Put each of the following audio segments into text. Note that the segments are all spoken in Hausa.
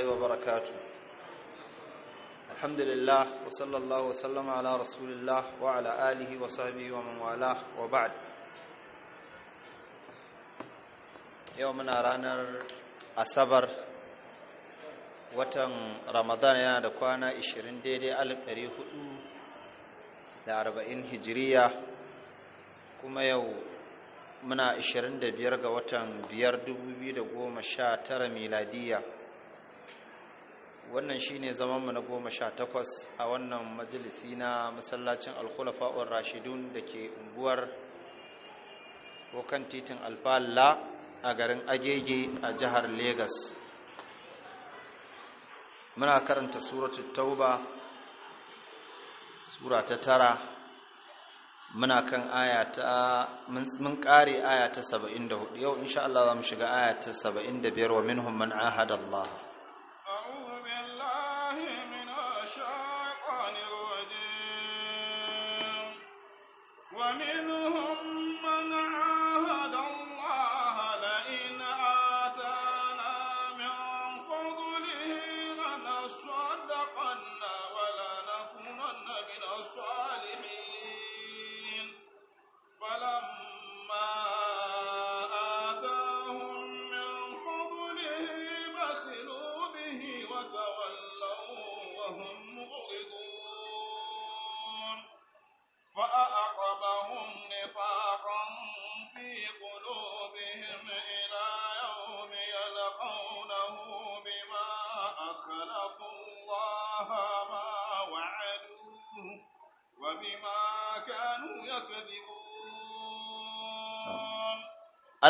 warahmatullahi wa barakatuh alhamdulillah wa sallallahu wa sallama ala wa ala alihi wa sahbihi wa wa yau muna ranar asabar watan ramadan yana da kwana 20 daidai 1440 hijiriya kuma yau muna 25 ga watan sha tara miladiyya wannan shine zaman mu na goma sha takwas a wannan majalisi na masallacin alkhulafa'ur rashidun da ke unguwar kan titin alfalla a garin agege a jihar Legas. muna karanta suratul tauba sura ta tara muna kan aya ta mun kare aya ta 74 yau insha Allah za mu shiga aya ta 75 wa minhum man ahada Allah planeta.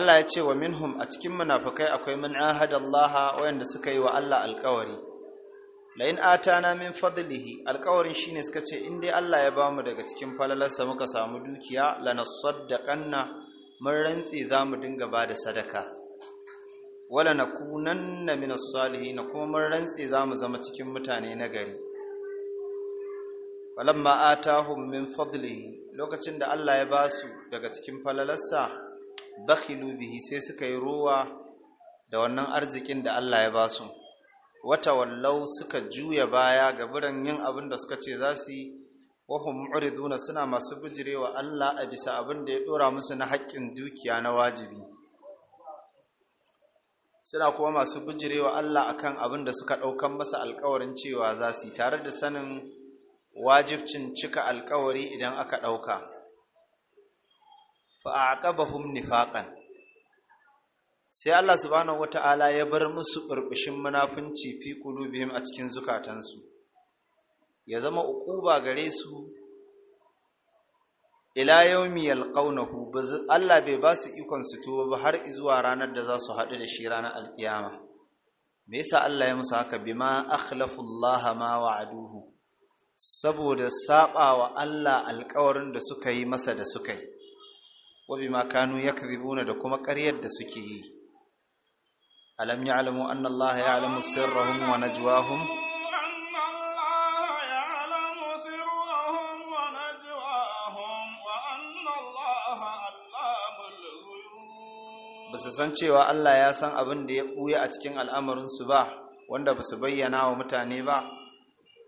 Allah ya ce wa minhum a cikin munafikai akwai man Allah wayanda suka yi wa Allah alƙawari la in atana min fadlihi alƙawarin shine suka ce in dai Allah ya ba mu daga cikin falalarsa muka samu dukiya lanasaddaqanna mun rantsi zamu dinga bada sadaka wala nakunanna min as-salihin kuma mun rantsi zamu zama cikin mutane nagari falamma atahum min fadlihi lokacin da Allah ya basu daga cikin falalarsa bakhilu bihi sai suka yi ruwa da wannan arzikin da Allah ya ba su wata wallau suka juya baya ga biran yin abin da suka ce za su yi hum muriduna suna masu bujirewa Allah a bisa abin da ya dora musu na haƙƙin dukiya na wajibi suna kuma masu bijirewa Allah akan abin da suka ɗaukan masa alƙawarin cewa za su yi tare da sanin wajibcin cika alƙawari idan aka ɗauka fa’aƙabahun nifaƙan sai Allah subhanahu wata'ala ya bar musu burbushin munafunci fi biyun a cikin zukatansu ya zama uƙuba gare su ila yaumi yalqawnahu Allah bai ba su ikon su tuba ba har zuwa ranar da za su haɗu da shi ranar alƙiyama. me yasa Allah ya musu haka bima akhlafu Allah ma wa'aduhu saboda saba wa Allah alƙawarin da suka yi masa da suka yi wa bima kanu yakdhibuna da kuma ƙaryar da suke yi alam ya'lamu anna ya'lamu sirrahum wa najwahum basu san cewa Allah ya san abin da ya ɓuya a cikin al'amarinsu ba wanda basu bayyana wa mutane ba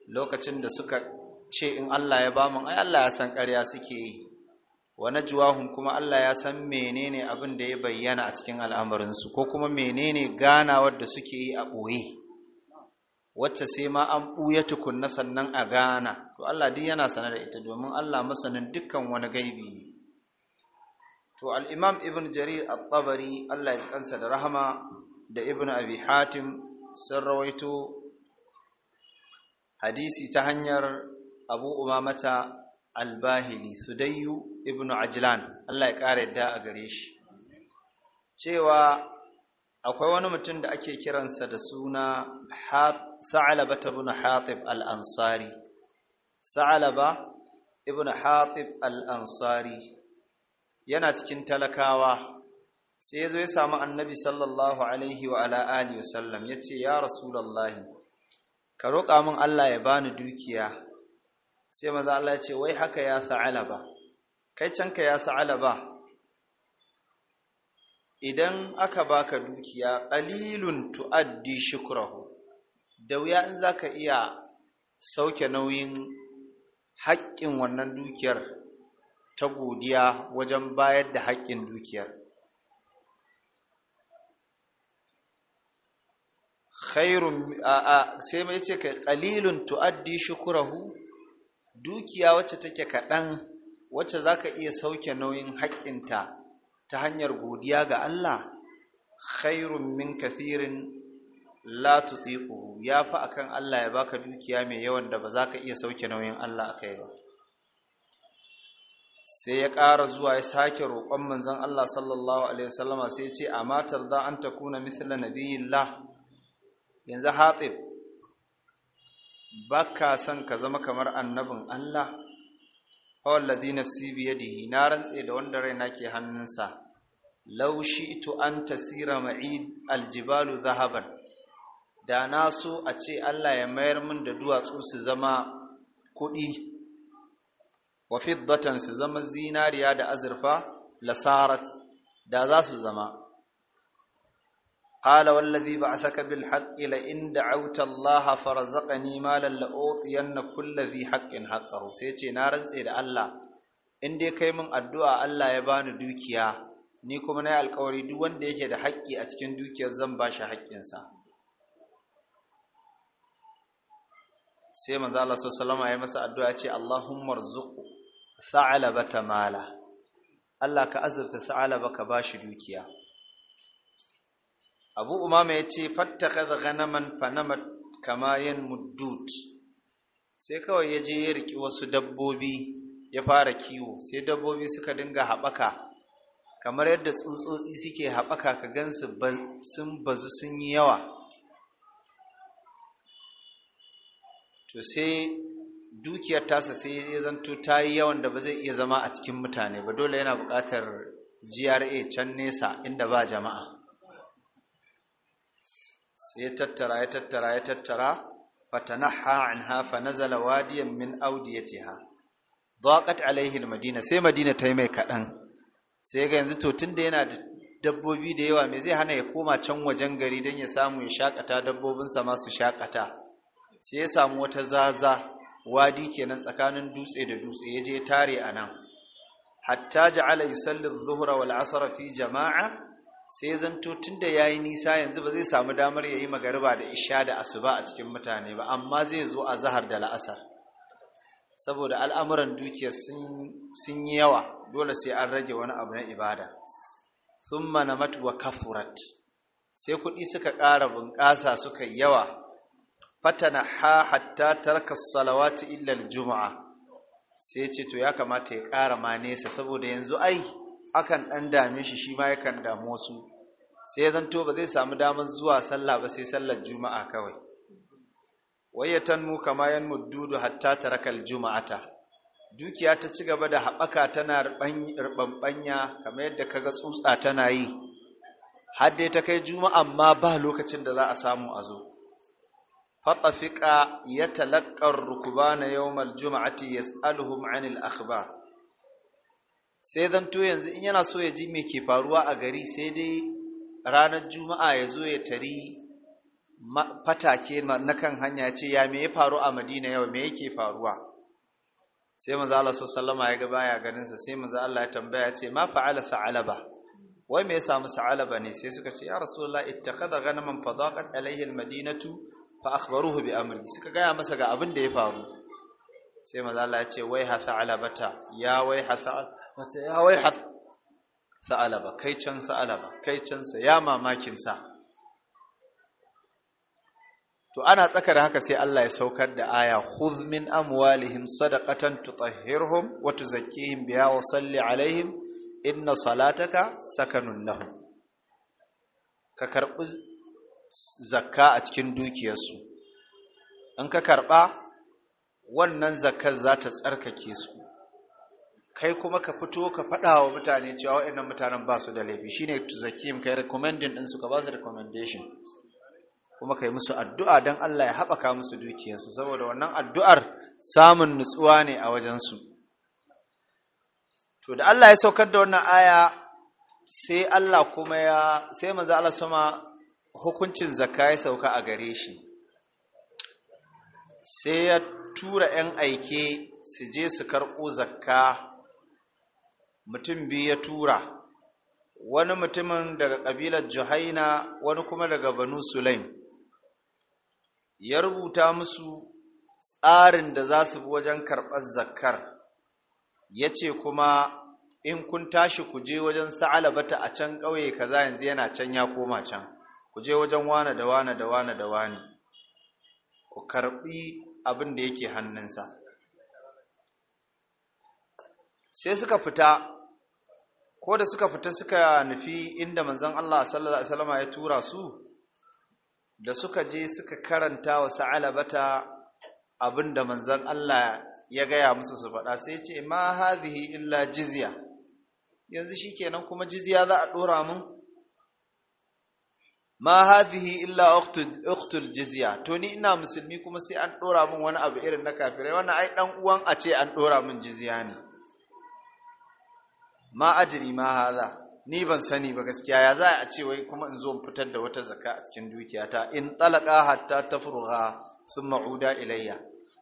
lokacin da suka ce in Allah ya bamu ai Allah ya san ƙarya suke yi wa najwahum kuma Allah ya san menene abin da ya bayyana a cikin al'amarinsu ko kuma menene ganawar da suke yi a ɓoye wacce sai ma an ɓuya tukunna sannan a gana to Allah duk yana sane da ita domin Allah masanin dukkan wani gaibi to al-Imam Ibn Jarir at-Tabari Allah ya ji kansa da rahama da Ibn Abi Hatim sun rawaito hadisi ta hanyar Abu Umamata albahili sudayyu ibn ajlan Allah ya ƙara yadda a gare shi cewa akwai wani mutum da ake kiransa da suna sa'alaba ibn hatib al-ansari sa'alaba ibn hatib al-ansari yana cikin talakawa sai ya zo ya samu annabi sallallahu alaihi wa ala alihi wasallam ya ce ya rasulallahi ka roƙa min Allah ya bani dukiya sai maza Allah ce wai haka ya ba kai canka ya ba idan aka baka dukiya qalilun tuaddi shukrahu da wuya in zaka iya sauke nauyin haƙƙin wannan dukiyar ta godiya wajen bayar da haƙƙin dukiyar khairun sai mai ce kai qalilun tuaddi shukrahu dukiya wacce take kaɗan wacce za ka iya sauke nauyin haƙƙinta ta hanyar godiya ga Allah khairun min kafirin, la tutiquhu ya a akan Allah ya baka dukiya mai yawan da ba za ka iya sauke nauyin Allah a kai ba sai ya ƙara zuwa ya sake roƙon manzon Allah sallallahu alaihi wasallama sai ya ce matar za an takuna mithla nabiyillah yanzu hatsin. baka ka son ka zama kamar annabin Allah wallazi nafsi biyadihi na rantse da wanda raina ke hannunsa law to an tasira ma'id aljibalu zahaban da na so a ce Allah ya mayar min da duwatsu su zama kuɗi wa fiddatan su zama zinariya da azurfa lasarat da za su zama قال والذي بعثك بالحق لئن دعوت الله فرزقني مالا لأعطين كل ذي حق حقه سيتي rantse سيد الله in dai kai min addu'a Allah ya bani dukiya ni kuma na yi alkawari duk wanda yake da haƙƙi a cikin dukiyar zan ba shi haƙƙinsa sai manzo Allah sallallahu alaihi masa addu'a ce Allahumma rzuq sa'alabata mala Allah ka azurta sa'alaba ka shi dukiya abu umama ya ce kaza ganaman kama kamayen muddut sai kawai ya je ya riki wasu dabbobi ya fara kiwo sai dabbobi suka dinga haɓaka kamar yadda tsutsotsi suke haɓaka ka gansu sun bazu sun yi yawa to sai dukiyar tasa sai ya zanto ta yi yawan da ba zai iya zama a cikin mutane ba dole yana buƙatar gra can nesa inda ba jama'a sai ya tattara ya tattara ya tattara fatanaha anha fa nazala wadiyan min awdiyatiha daqat alaihi almadina sai madina ta yi mai kadan sai ga yanzu to tunda yana da dabbobi da yawa me zai hana ya koma can wajen gari dan ya samu ya shakata dabbobinsa ma su shakata sai ya samu wata zaza wadi kenan tsakanin dutse da dutse ya je tare a nan hatta ja'ala yusalli adh-dhuhra wal 'asra fi jama'a sai zanto da ya yi nisa yanzu ba zai samu damar ya yi magariba da isha da asuba a cikin mutane ba amma zai zo a zahar da la'asar saboda al'amuran dukiya sun yi yawa dole sai an rage wani abu na ibada sun mana wa kafurat sai kuɗi suka ƙara bunƙasa suka yi yawa fatana ha hatta tarka salawatu illal juma'a sai ce to ya kamata ya ƙara ma nesa saboda yanzu ai akan ɗan dame shi shi ma yakan damu wasu sai zan to ba zai samu damar zuwa sallah ba sai sallar juma'a kawai wayatan mu kama yan muddudu hatta tarakal juma'ata dukiya ta ci gaba da haɓaka tana rɓanɓanya kamar yadda kaga tsutsa tana yi har dai ta kai juma'a amma ba lokacin da za a samu a zo fatafiqa ya na rukbana yawm juma'ati jumati yas'aluhum 'anil akhbar sai zanto yanzu in yana so ya ji me ke faruwa a gari sai dai ranar juma'a ya zo ya tari fatake na kan hanya ce ya me ya faru a madina yau me yake faruwa sai Maza Allah sallama ya ga baya ganin sa sai Maza Allah ya tambaya ya ce ma fa'ala sa'alaba wai me ya samu sa'alaba ne sai suka ce ya rasulullah ittakhadha ghanaman fadaqat alayhi almadinatu fa akhbaruhu bi amri suka gaya masa ga abin da ya faru sai Maza Allah ya ce wai ha sa'alabata ya wai ha wata ya wai har sa'alaba kai can sa'alaba kai can ya mamakin sa to ana tsakar haka sai Allah ya saukar da aya khudh min amwalihim sadaqatan tutahhirhum wa tuzakkihim biha wa salli alaihim inna salataka sakanun lahum ka karbi zakka a cikin dukiyarsu in ka karba wannan zakkar za ta tsarkake su kai kuma ka fito ka faɗa wa mutane cewa waɗannan mutanen ba su da laifi shine to zakim kai recommending din su ka ba su recommendation kuma kai musu addu'a dan Allah ya haɓaka musu dukiyarsu saboda wannan addu'ar samun nutsuwa ne a wajensu to da Allah ya saukar da wannan aya sai Allah kuma ya sai manzo Allah sama hukuncin zakka ya sauka a gare shi sai ya tura ‘yan aike su je su karɓo zakka mutum biyu ya tura wani mutumin daga ƙabilar juhaina wani kuma daga banu sulaim ya rubuta musu tsarin da za su bi wajen karɓar zakar, ya ce kuma in kun tashi ku je wajen sa'alabata a can ƙauye kaza yanzu yana can ya koma can ku je wajen wane da wane da wane da wane ku karɓi abin da yake hannunsa sai suka fita ko da suka fita suka nufi inda manzon Allah sallallahu alaihi wasallama ya tura su da suka je suka karanta wa sa'alabata abinda manzon Allah ya gaya musu su faɗa sai ce ma hadhihi illa jizya yanzu shikenan kuma jizya za a dora mun ma hadhihi illa uqtul jizya to ni ina musulmi kuma sai an ɗora mun wani abu irin na kafirai wannan ai dan uwan a ce an ɗora mun jizya ne ma ajiri ma haza ni ban sani ba gaskiya ya za a ce wai kuma in zo in fitar da wata zakka a cikin dukiyata in talaka hatta tafruha sun ma'uda ilayya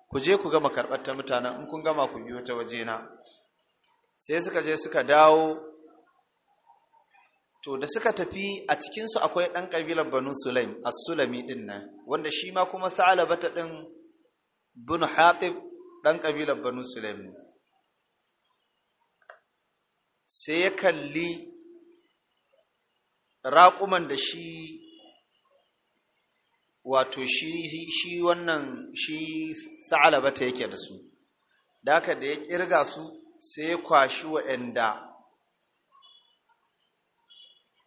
ku je ku gama karɓar ta mutanen in kun gama ku biyo ta wajena sai suka je suka dawo to da suka tafi a cikinsu akwai ɗan kabilar banu sulaim as-sulami din nan wanda shi ma kuma sa'alabata ɗin bin hatib ɗan kabilar banu sulaim ne sai ya kalli raƙuman da shi wato shi wannan shi ba ta yake da su da da ya kirga su sai ya kwashi wa'anda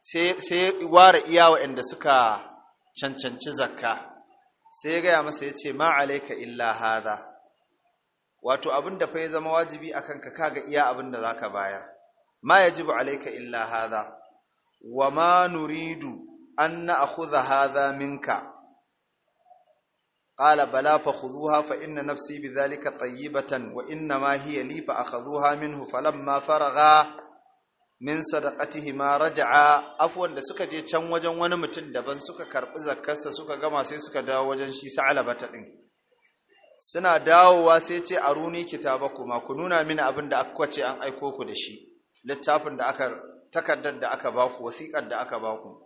sai ya ware iya wa'anda suka cancanci zakka sai ya gaya masa ya ce ma alaika illa haza wato abin da fa ya zama wajibi a kanka kaga iya abin da za ka bayar ma يجب عليك illa هذا wa ma أن نأخذ هذا منك minka قال بلا فخذوها فإن نفسي بذلك طيبة وإنما هي لي فأخذوها منه فلما فرغا min ma raja'a afwan da suka je can wajen wani mutum daban suka karbi zakkarsa suka gama sai suka dawo wajen shi ta din suna dawowa sai ce aruni kuma ku nuna mini abin da aka ce an aiko ku da shi littafin da aka takardar da aka baku wasiƙar da aka baku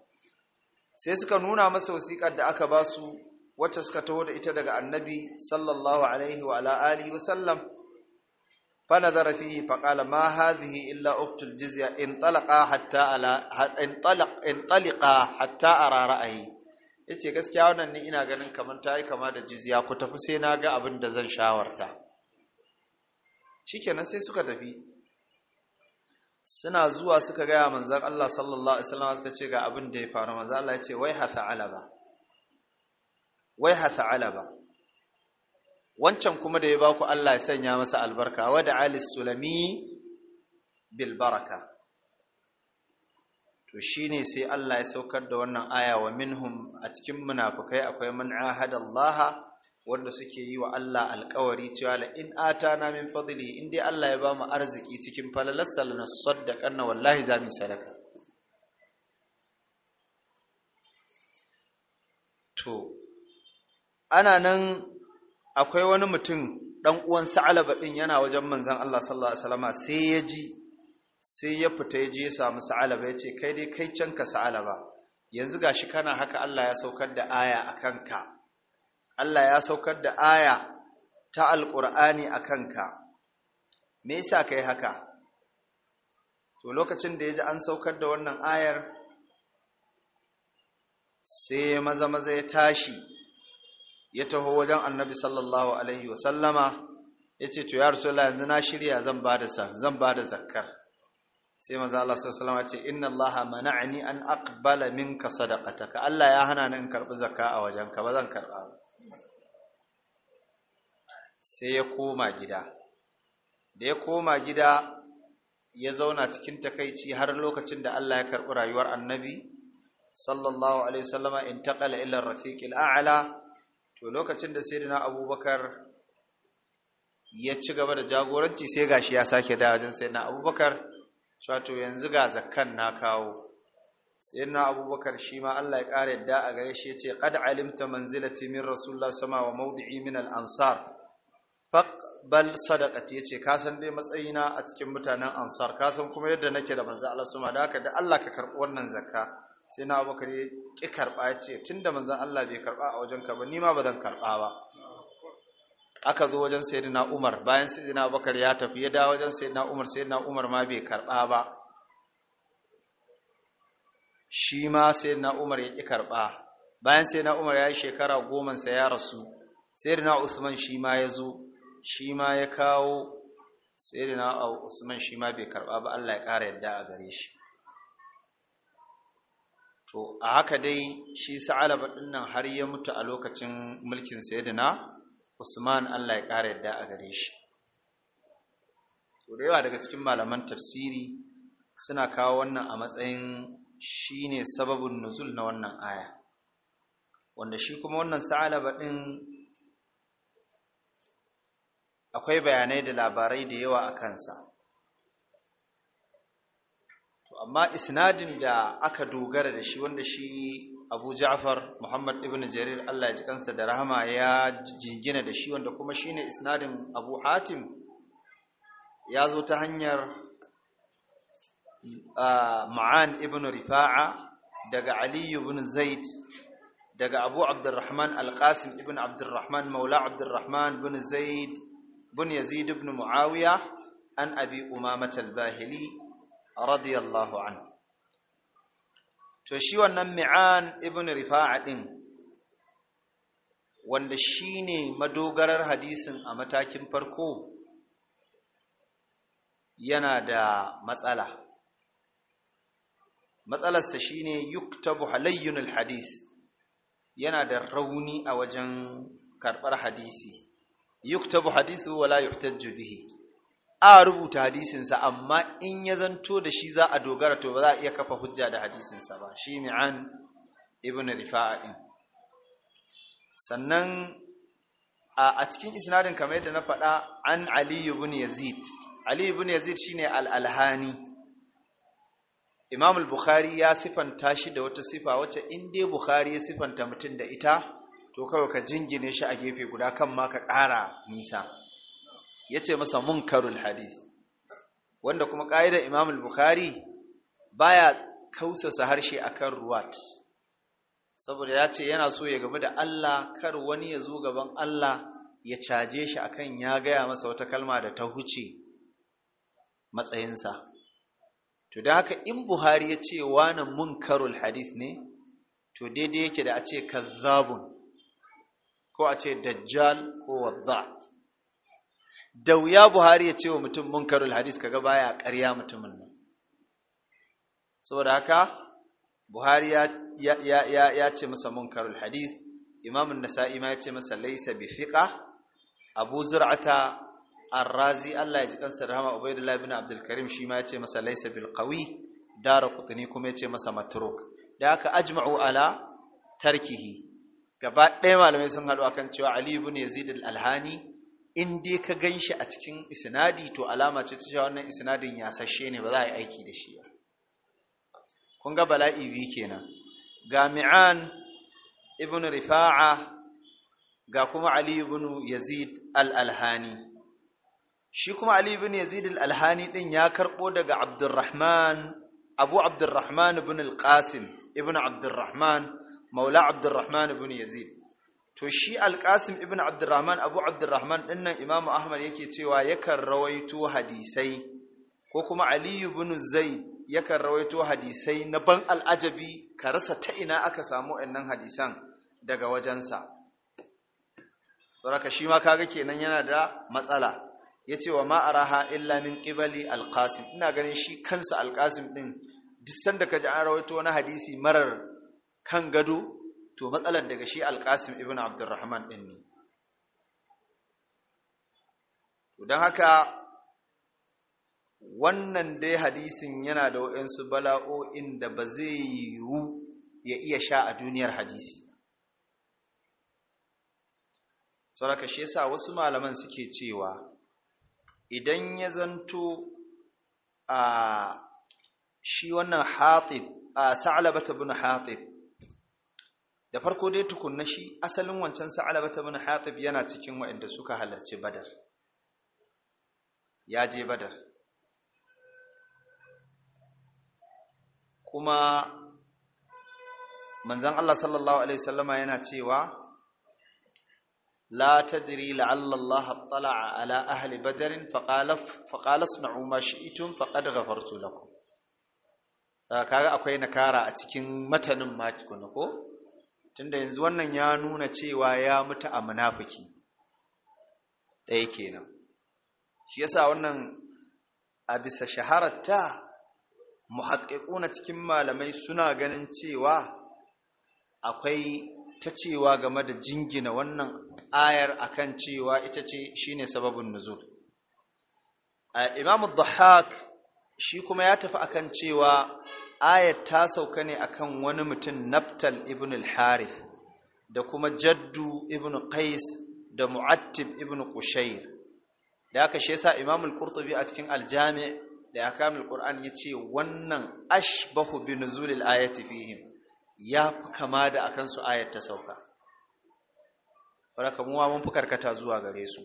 sai suka nuna masa wasiƙar da aka ba su wacce suka taho da ita daga annabi sallallahu alaihi wa ala alihi wa sallam fa nazara fihi fa qala ma hadhihi illa uqtul jizya in talaqa hatta ala in talaq in talaqa hatta ara ra'ayi yace gaskiya wannan ne ina ganin kamar tayi kama da jizya ku tafi sai na ga abin da zan shawarta shikenan sai suka tafi suna zuwa suka gaya manzan Allah sallallahu Alaihi wasallam suka ce ga abin da ya faru manzan Allah ya ce wai hatha alaba wai hatha alaba wancan kuma da ya baku Allah ya sanya masa albarka wada ali sulami bilbaraka. baraka to ne sai Allah ya saukar da wannan aya wa minhum a cikin munafukai akwai man wanda suke yi wa Allah alkawari cewa la in atana min fadli in dai Allah ya bamu arziki cikin falalarsa na nasaddaqanna wallahi za mu sadaka to ana nan akwai wani mutum dan uwan Sa'alaba din yana wajen manzon Allah sallallahu alaihi wasallama sai ya ji sai ya fita ya je ya samu Sa'alaba ya ce kai dai kai can ka Sa'alaba yanzu gashi kana haka Allah ya saukar da aya akan ka Allah ya saukar da aya ta alƙur'ani a kanka me sa ka haka to lokacin da ya ji an saukar da wannan ayar sai maza maza ya tashi ya taho wajen annabi sallallahu alaihi wasallama ya ce to ya rasulullah yanzu na shirya zan ba da zan ba da zakkar sai maza Allah sallallahu alaihi ce inna Allah mana'ani an aqbala minka sadaqataka Allah ya hana ni in karbi zakka a wajenka ba zan karɓa. ba sai ya koma gida da ya koma gida ya zauna cikin takaici har lokacin da Allah ya karɓi rayuwar annabi sallallahu alaihi wasallama intaqala ila rafiq a'la to lokacin da sayyidina abubakar ya ci gaba da jagoranci sai gashi ya sake da wajen sayyidina abubakar cewa yanzu ga zakkan na kawo sayyidina abubakar shi ma Allah ya ƙara yadda a gare shi yace qad alimta manzilati min rasulullah sama wa mawdi'i min al-ansar bal sadaqati yace ka san dai matsayina a cikin mutanen ansar ka san kuma yadda nake da manzo Allah suma da haka da Allah ka karbi wannan zakka sai na Abubakar ya ki karba yace tunda manzo Allah bai karba a wajenka ba ni ma bazan karba ba aka zo wajen sayyidina Umar bayan sayyidina Abubakar ya tafi ya dawo wajen sayyidina Umar sayyidina Umar ma bai karba ba shi ma sayyidina Umar ya ki karba bayan sayyidina Umar ya yi shekara goma sa ya rasu sayyidina Usman shi ma ya zo shi ma ya kawo a Usman shi ma bai karba ba Allah ya ƙara yadda a gare shi to a haka dai shi sa'alaba nan har ya mutu a lokacin mulkin sayyidina Usman Allah ya ƙara yadda a gare shi to da yawa daga cikin malaman tafsiri suna kawo wannan a matsayin shine sababin nuzul na wannan aya wanda shi kuma wannan sa'alaba din akwai bayanai da labarai da yawa a kansa amma isnadin da aka dogara da shi wanda shi abu ja'far muhammad ibn jarir allah ya ji kansa da rahama ya jingina da shi wanda kuma shine isnadin abu hatim ya zo ta hanyar ma'an ibn rifa'a daga aliyu ibn zaid daga abu abdurrahman alqasim ibn abdurrahman maula abdurrahman ibn zaid bin Yazid ibn Muawiya an Abi Umamah al-Bahili radiyallahu anhu to shi wannan Mi'an ibn Rifa'a din wanda shine madogarar hadisin a matakin farko yana da matsala matsalarsa shine yuktabu halayyun hadis, yana da rauni a wajen karɓar hadisi yuktabu hadithu wala yuhtajju bihi a rubuta hadisinsa amma in ya zanto da shi za a dogara to ba za a iya kafa hujja da hadisinsa ba shi mi'an ibn rifa'a din sannan a cikin isnadin kamar yadda na faɗa an ali ibn yazid ali ibn yazid shine al-alhani imam al-bukhari ya sifanta shi da wata sifa wacce in dai bukhari ya sifanta mutum da ita to kawai ka jingine shi a gefe guda kan ma ka ƙara nisa ya ce masa mun karul-hadis wanda kuma ƙa'idar imam al-bukhari baya kausasa harshe a kan ruwat saboda ya ce yana so ya gamu da Allah kar wani ya zo gaban Allah ya caje shi a kan ya gaya masa wata kalma da ta huce matsayinsa to da haka in buhari ya ce wani karul hadis ne to daidai yake da a ce kazzabun ko a ce dajjal ko wadda da wuya buhari ya ce wa mutum munkarul hadis kaga baya ƙarya mutumin nan saboda haka buhari ya ce masa munkarul hadis imam nasa'i ma ya ce masa laisa bi fiqa abu zur'ata arrazi Allah ya ji kansa da rahama ubaidullah ibn abdul karim shi ma ya ce masa laisa bil qawi dara kutuni kuma ya ce masa matruk da haka ajma'u ala tarkihi gaba ɗaya malamai sun haɗu akan cewa Ali ibn Yazid al-Alhani in dai ka ganshi a cikin isnadi to alama ce ta cewa wannan isnadin ya sashe ne ba za a yi aiki da shi ba kun ga bala'i bi kenan ga Mi'an ibn Rifa'a ga kuma Ali ibn Yazid al-Alhani shi kuma Ali ibn Yazid al-Alhani din ya karbo daga Abdurrahman Abu Abdurrahman ibn al-Qasim ibn Abdurrahman maula abdurrahman ibn yazid to shi alqasim ibn abdurrahman abu abdurrahman dinnan imam ahmad yake cewa yakan rawaito hadisai ko kuma ali ibn zaid yakan rawaito hadisai na ban al'ajabi ka rasa ta ina aka samu wannan hadisan daga wajensa saboda shi ma kaga kenan yana da matsala ya ce wa ma'araha illa min ƙibali alƙasim ina ganin shi kansa alƙasim ɗin duk sanda ka ji an rawaito wani hadisi marar kan gado to matsalar daga shi alƙasim ibn abdurrahman ɗin ne don haka wannan dai hadisin yana da waɗansu bala'o'in da ba zai yiwu ya iya sha a duniyar hadisi sauraka shi yasa wasu malaman suke cewa idan ya zanto a shi wannan hatib a sa'alabata bin hatib da farko dai tukunna shi asalin wancan sa'alaba ta bin hatib yana cikin waɗanda suka halarci badar ya je badar kuma manzan Allah sallallahu alaihi sallama yana cewa la tadri la'alla Allah tala'a ala ahli badarin faƙala suna'u ma shi'itun faƙad gafartu kaga akwai nakara a cikin matanin ma ko tunda yanzu wannan ya nuna cewa ya mutu a munafiki ɗaya kenan shi yasa wannan a bisa shahararta na cikin malamai suna ganin cewa akwai ta cewa game da jingina wannan ayar akan cewa ita ce shine sababin nuzul Imamu dhahak shi kuma ya tafi akan cewa ayat ta sauka ne akan wani mutum naftal ibn al-harith da kuma jaddu ibn qais da mu'attib ibn qushayr da haka shi yasa imam al-qurtubi a cikin al-jami' da akamul qur'an yace wannan ashbahu bi nuzul al-ayati fihim ya fi kama da akan su ayat ta sauka baraka ma mun fukarkata zuwa gare su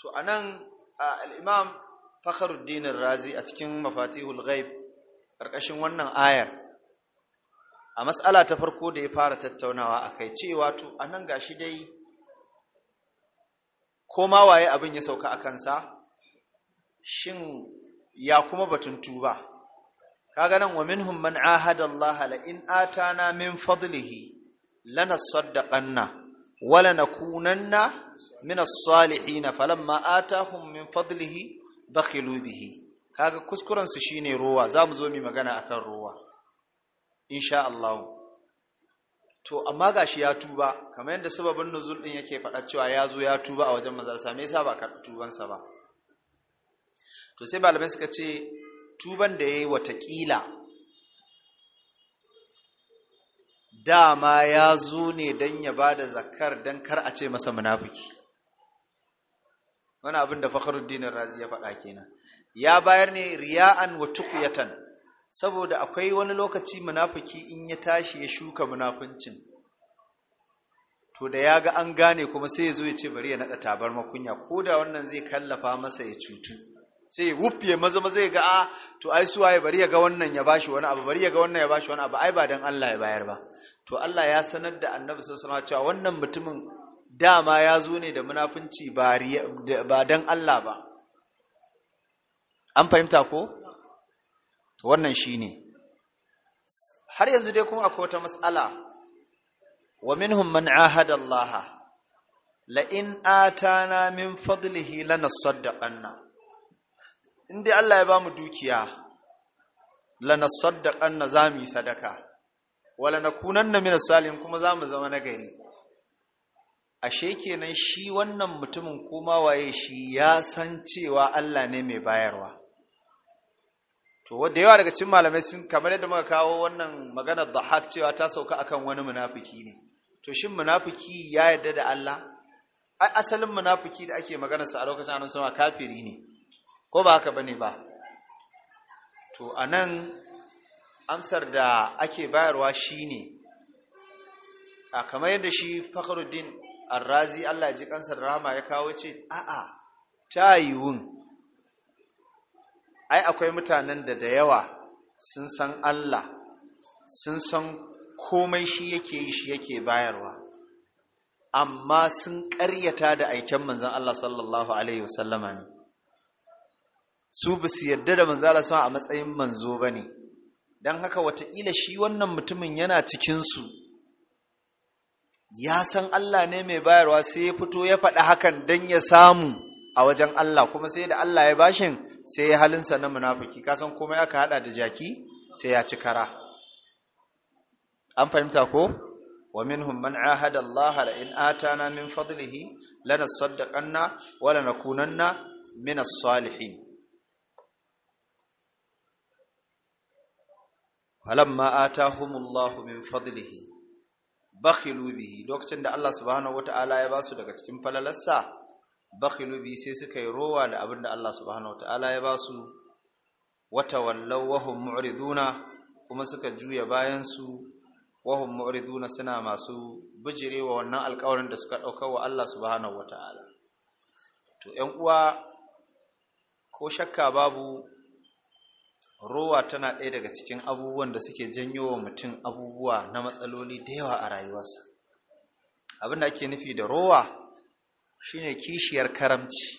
to anan al-imam fakhruddin razi a cikin mafatihul ghaib karkashin wannan ayar a mas'ala ta farko da ya fara tattaunawa akai cewa to anan gashi dai koma waye abin ya sauka a kansa shin ya kuma batun tuba kaga nan wa minhum man ahada Allah la in atana min fadlihi lanasaddaqanna wa lanakunanna min as-salihin falamma atahum min fadlihi bakhilu bihi kaga kuskuren su shine rowa zamu zo mu magana akan rowa insha Allah to amma gashi ya tuba kamar yadda sababin nuzul din yake faɗa cewa ya zo ya tuba a wajen manzon me yasa ba tuban tubansa ba to sai malamai suka ce tuban da yayi watakila dama ya zo ne dan ya bada zakar dan kar a ce masa munafiki wani abin da fakhruddin razi ya faɗa kenan ya bayar ne riya'an wa tuqyatan saboda akwai wani lokaci munafiki in ya tashi ya shuka munafincin to da ya ga an gane kuma sai ya zo ya ce bari ya naɗa tabar makunya ko da wannan zai kallafa masa ya cutu sai ya wuffe maza maza ya ga a ah, to ai su waye bari ya ga wannan ya bashi wani abu bari ya ga wannan ya bashi wani abu ai ba dan Allah ya bayar ba to Allah ya sanar da Annabi sallallahu alaihi wasallam cewa wannan mutumin dama ya zo ne da munafunci ba don Allah ba an fahimta ko wannan shi ne. har yanzu dai kuma akwai wata matsala. wa minhum man ahad Allah la atana min fadlihi ƙanna. in dai Allah ya ba mu dukiya za mu yi sadaka wala kunan min salihin kuma za mu zama na gari ashe kenan shi wannan mutumin kuma waye shi ya san cewa Allah ne mai bayarwa to da yawa daga cikin malamai sun kamar yadda muka kawo wannan maganar dhahak cewa ta sauka akan wani munafiki ne to shin munafiki ya yarda da Allah ai asalin munafiki da ake maganar sa a lokacin annabi sama kafiri ne ko ba haka bane ba to anan amsar da ake bayarwa shine a kamar yadda shi Fakhruddin arrazi Allah ji kansar rama ya kawo ce a'a ta yiwun ai akwai mutanen da da yawa sun san Allah sun san komai shi yake yi shi yake bayarwa amma sun ƙaryata da aiken manzan Allah sallallahu alaihi wasallama ne su ba su yarda da manzan Allah a matsayin manzo ba ne don haka wataƙila shi wannan mutumin yana cikinsu ya san Allah ne mai bayarwa sai ya fito ya faɗi hakan don ya samu a wajen Allah kuma sai da Allah ya bashin sai ya halinsa na munafiki kasan komai aka haɗa da jaki sai ya ci kara an fahimta ko wa minhum man ahada Allah la in atana min fadlihi lanasaddaqanna wa lanakunanna min as-salihin falamma atahum Allah min fadlihi bakhilu bihi lokacin da Allah subhanahu wataala ya basu daga cikin falalarsa bakhilu bihi sai suka yi rowa da abinda da Allah subhanahu wataala ya basu wata wallau wahum mu'riduna kuma suka juya bayan su wahum mu'riduna suna masu bijirewa wannan alƙawarin da suka ɗauka wa Allah subhanahu wataala to ƴan uwa ko shakka babu rowa tana ɗaya daga cikin abubuwan da suke janyo wa mutum abubuwa na matsaloli da yawa a rayuwarsa abin da ake nufi da rowa shine kishiyar karamci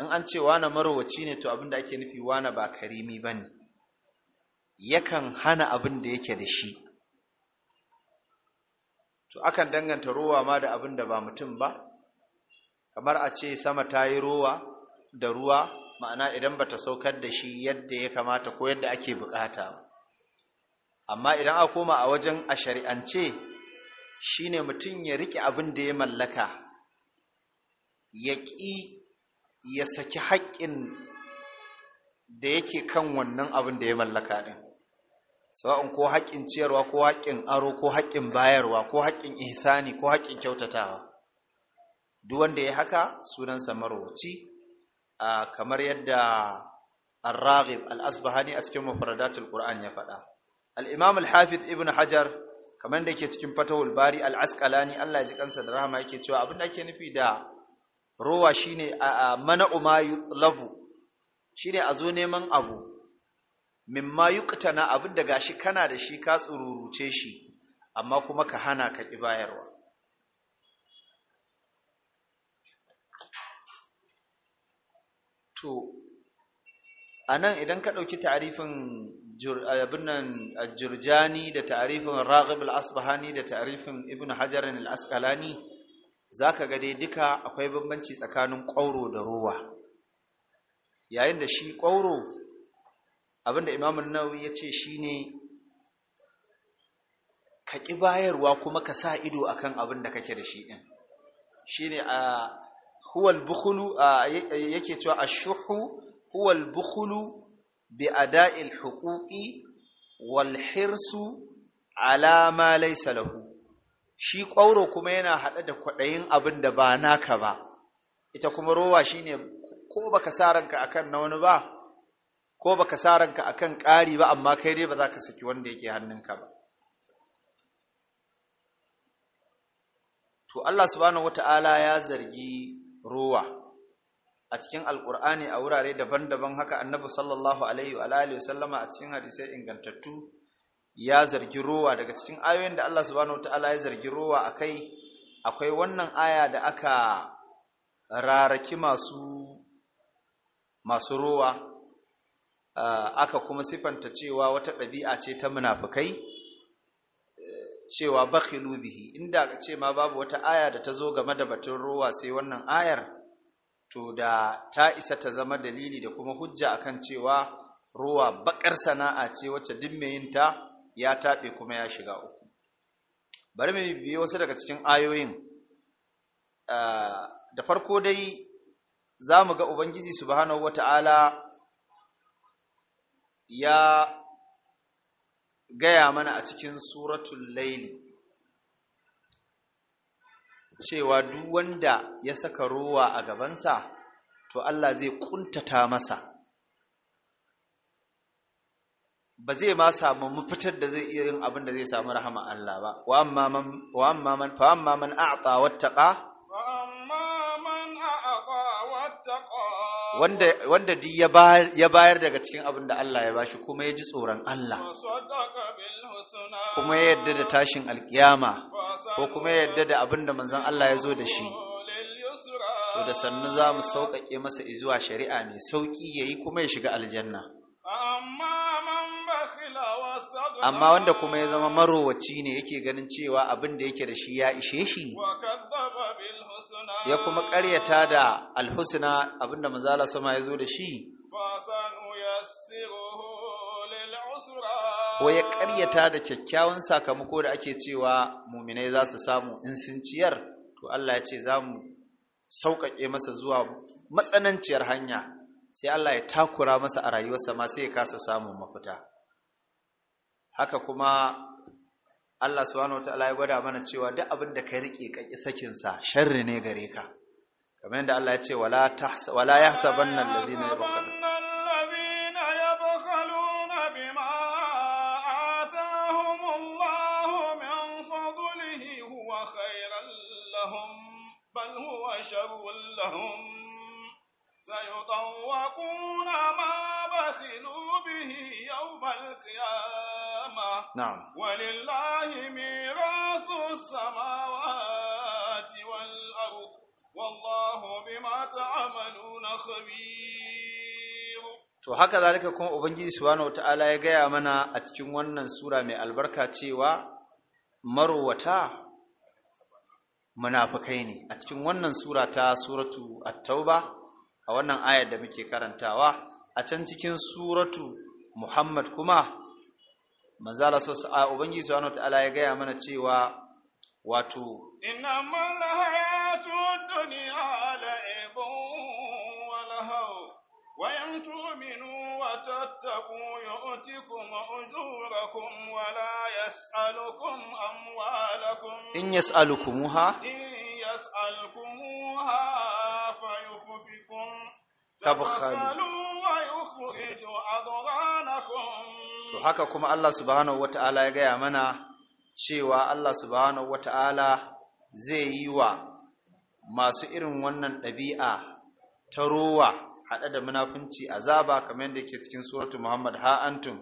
in an ce wane marowaci ne to abin da ake nufi wane ba karimi ba ne yakan hana abin da yake da shi to akan danganta rowa ma da abin da ba mutum ba kamar a ce sama ta yi rowa da ruwa ma'ana idan ba bata saukar da shi yadda ya kamata ko yadda ake bukata ba amma idan a koma a wajen a shari'ance shi ne mutum ya riƙe abin da ya mallaka ya ƙi ya saki haƙƙin da yake kan wannan abin da ya mallaka ɗin sawa'un ko haƙƙin ciyarwa ko haƙƙin aro ko haƙƙin bayarwa ko haƙƙin ihsani ko haƙƙin kyautatawa duk wanda ya haka sunansa marowaci kamar yadda al-raghib al-asbahani a cikin mufradatul qur'an ya faɗa al-imam al-hafiz ibn hajar kamar da yake cikin fatawul bari al-asqalani Allah ya ji kansa da rahama yake cewa abin da ake nufi da rowa shine mana ma yutlabu shine a zo neman abu mimma yuktana abin da gashi kana da shi ka tsururuce shi amma kuma ka hana ka ibayarwa to anan idan ka ɗauki ta'arifin abin nan jurjani da ta'arifin raghib al'asbahani asbahani da ta'arifin ibn hajar al-asqalani ka ga dai duka akwai bambanci tsakanin ƙwauro da rowa yayin da shi ƙwauro abinda imam ya ce shi ne ka ƙi bayarwa kuma ka sa ido akan abin da kake da shi din ne a huwal bukhulu yake cewa ashuhu huwal bukhulu bi ada'il huquqi wal hirsu ala ma laysa lahu shi kwauro kuma yana hada da kwadayin abin da ba naka ba ita kuma rowa shine ko baka sa akan na wani ba ko baka sa ranka akan ƙari ba amma kai dai ba za ka saki wanda yake hannunka ba to Allah subhanahu wata'ala ya zargi ruwa a cikin alkur'ani a wurare daban-daban haka annabi sallallahu alaihi wa alihi wasallama a cikin hadisai ingantattu ya zargi ruwa daga cikin ayoyin da Allah subhanahu wataala ya zargi ruwa akai akwai wannan aya da aka raraki masu masu ruwa aka kuma sifanta cewa wata ɗabi'a ce ta munafukai cewa bakhilu bihi inda ka ce ma babu wata aya da ta zo game da batun ruwa sai wannan ayar to da ta isa ta zama dalili da kuma hujja akan cewa ruwa bakar sana'a ce wacce duk yinta ya taɓe kuma ya shiga uku bari mu biyo wasu daga cikin ayoyin ah, da farko dai za mu ga ubangiji subhanahu wata'ala ya gaya mana a cikin suratun laili cewa duk wanda ya saka ruwa a gabansa to Allah zai kuntata masa ba zai ma samu mafitar da zai iya yin abin da zai samu rahama Allah ba wa amma man fa amma man a'ta wattaqa wanda duk ya bayar daga cikin abin da Allah ya bashi kuma ya ji tsoron Allah kuma ya yadda da tashin alkiyama ko kuma ya yadda da abin da manzon Allah ya zo da shi to da sannu za mu sauƙaƙe masa izuwa shari'a mai sauƙi ya yi kuma ya shiga aljanna amma wanda kuma ya zama marowaci ne yake ganin cewa abin da yake da shi ya ishe shi ya kuma ƙaryata da alhusna abinda manzala sama ya zo da shi ko ya ƙaryata da kyakkyawan sakamako da ake cewa muminai za su samu in sun ciyar to Allah ya ce za mu sauƙaƙe masa zuwa matsananciyar hanya sai Allah ya takura masa a rayuwarsa ma sai ya kasa samun mafita haka kuma Allah subhanahu wa ta'ala ya gwada mana cewa duk abin da ka rike ka ki sakin sa sharri ne gare ka kamar yadda Allah ya ce wala tahsa wala yahsaban allazina yabkhaluna allazina yabkhaluna bima atahum Allah min fadlihi huwa khairan lahum bal huwa sharrun lahum sayutawaquna ma basilu bihi yawmal qiyamah to haka zalika kuma ubangiji subhanahu wataala ya gaya mana a cikin wannan sura mai albarka cewa marwata munafukai ne a cikin wannan sura ta suratu at-tauba a wannan ayar da muke karantawa a can cikin suratu muhammad kuma manzo Allah sallallahu a ubangiji subhanahu wataala ya gaya mana cewa wato inna allaha dunya وإن تؤمنوا وتتقوا يؤتكم أجوركم ولا يسألكم أموالكم إن يسألكموها إن يسألكموها فيخفكم تبخلوا ويخرج أضغانكم To haka kuma Allah subhanahu wata'ala ya gaya mana cewa Allah subhanahu wata'ala zai yi wa masu irin wannan ɗabi'a ta rowa haɗe da munafunci azaba kamar yadda yake cikin suratu Muhammad ha antum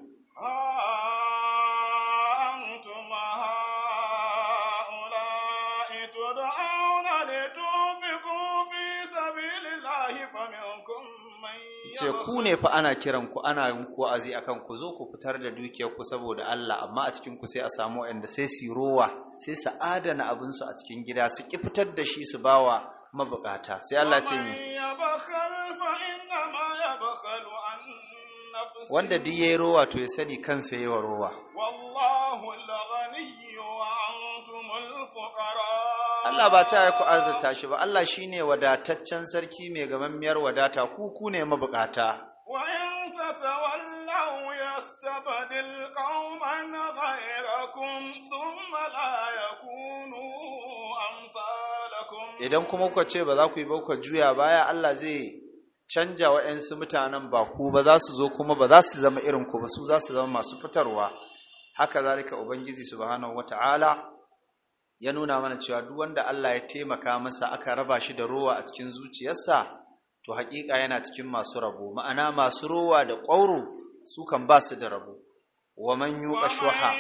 ce ku ne fa ana kiran ku ana yin ku azi akan ku zo ku fitar da dukiyar ku saboda Allah amma a cikin ku sai a samu wanda sai su rowa sai su adana abinsu a cikin gida su ki fitar da shi su bawa mabukata sai Allah ce mi wanda duk yayi rowa to ya sani kansa yayi wa rowa Allah ba ta ku arzata shi ba Allah shine wadataccen sarki mai gamammiyar wadata ku ku ne mabukata idan kuma kuka ce ba za ku yi ba kuka juya baya Allah zai canja waɗansu mutanen ba ku ba za su zo kuma ba za su zama irin ku ba su za su zama masu fitarwa haka zalika ubangiji subhanahu wata'ala ya nuna mana cewa duk wanda Allah ya taimaka masa aka raba shi da rowa a cikin zuciyarsa to haƙiƙa yana cikin masu rabo ma'ana masu rowa da ƙwauro su kan ba su da rabo wa man yuqa shuha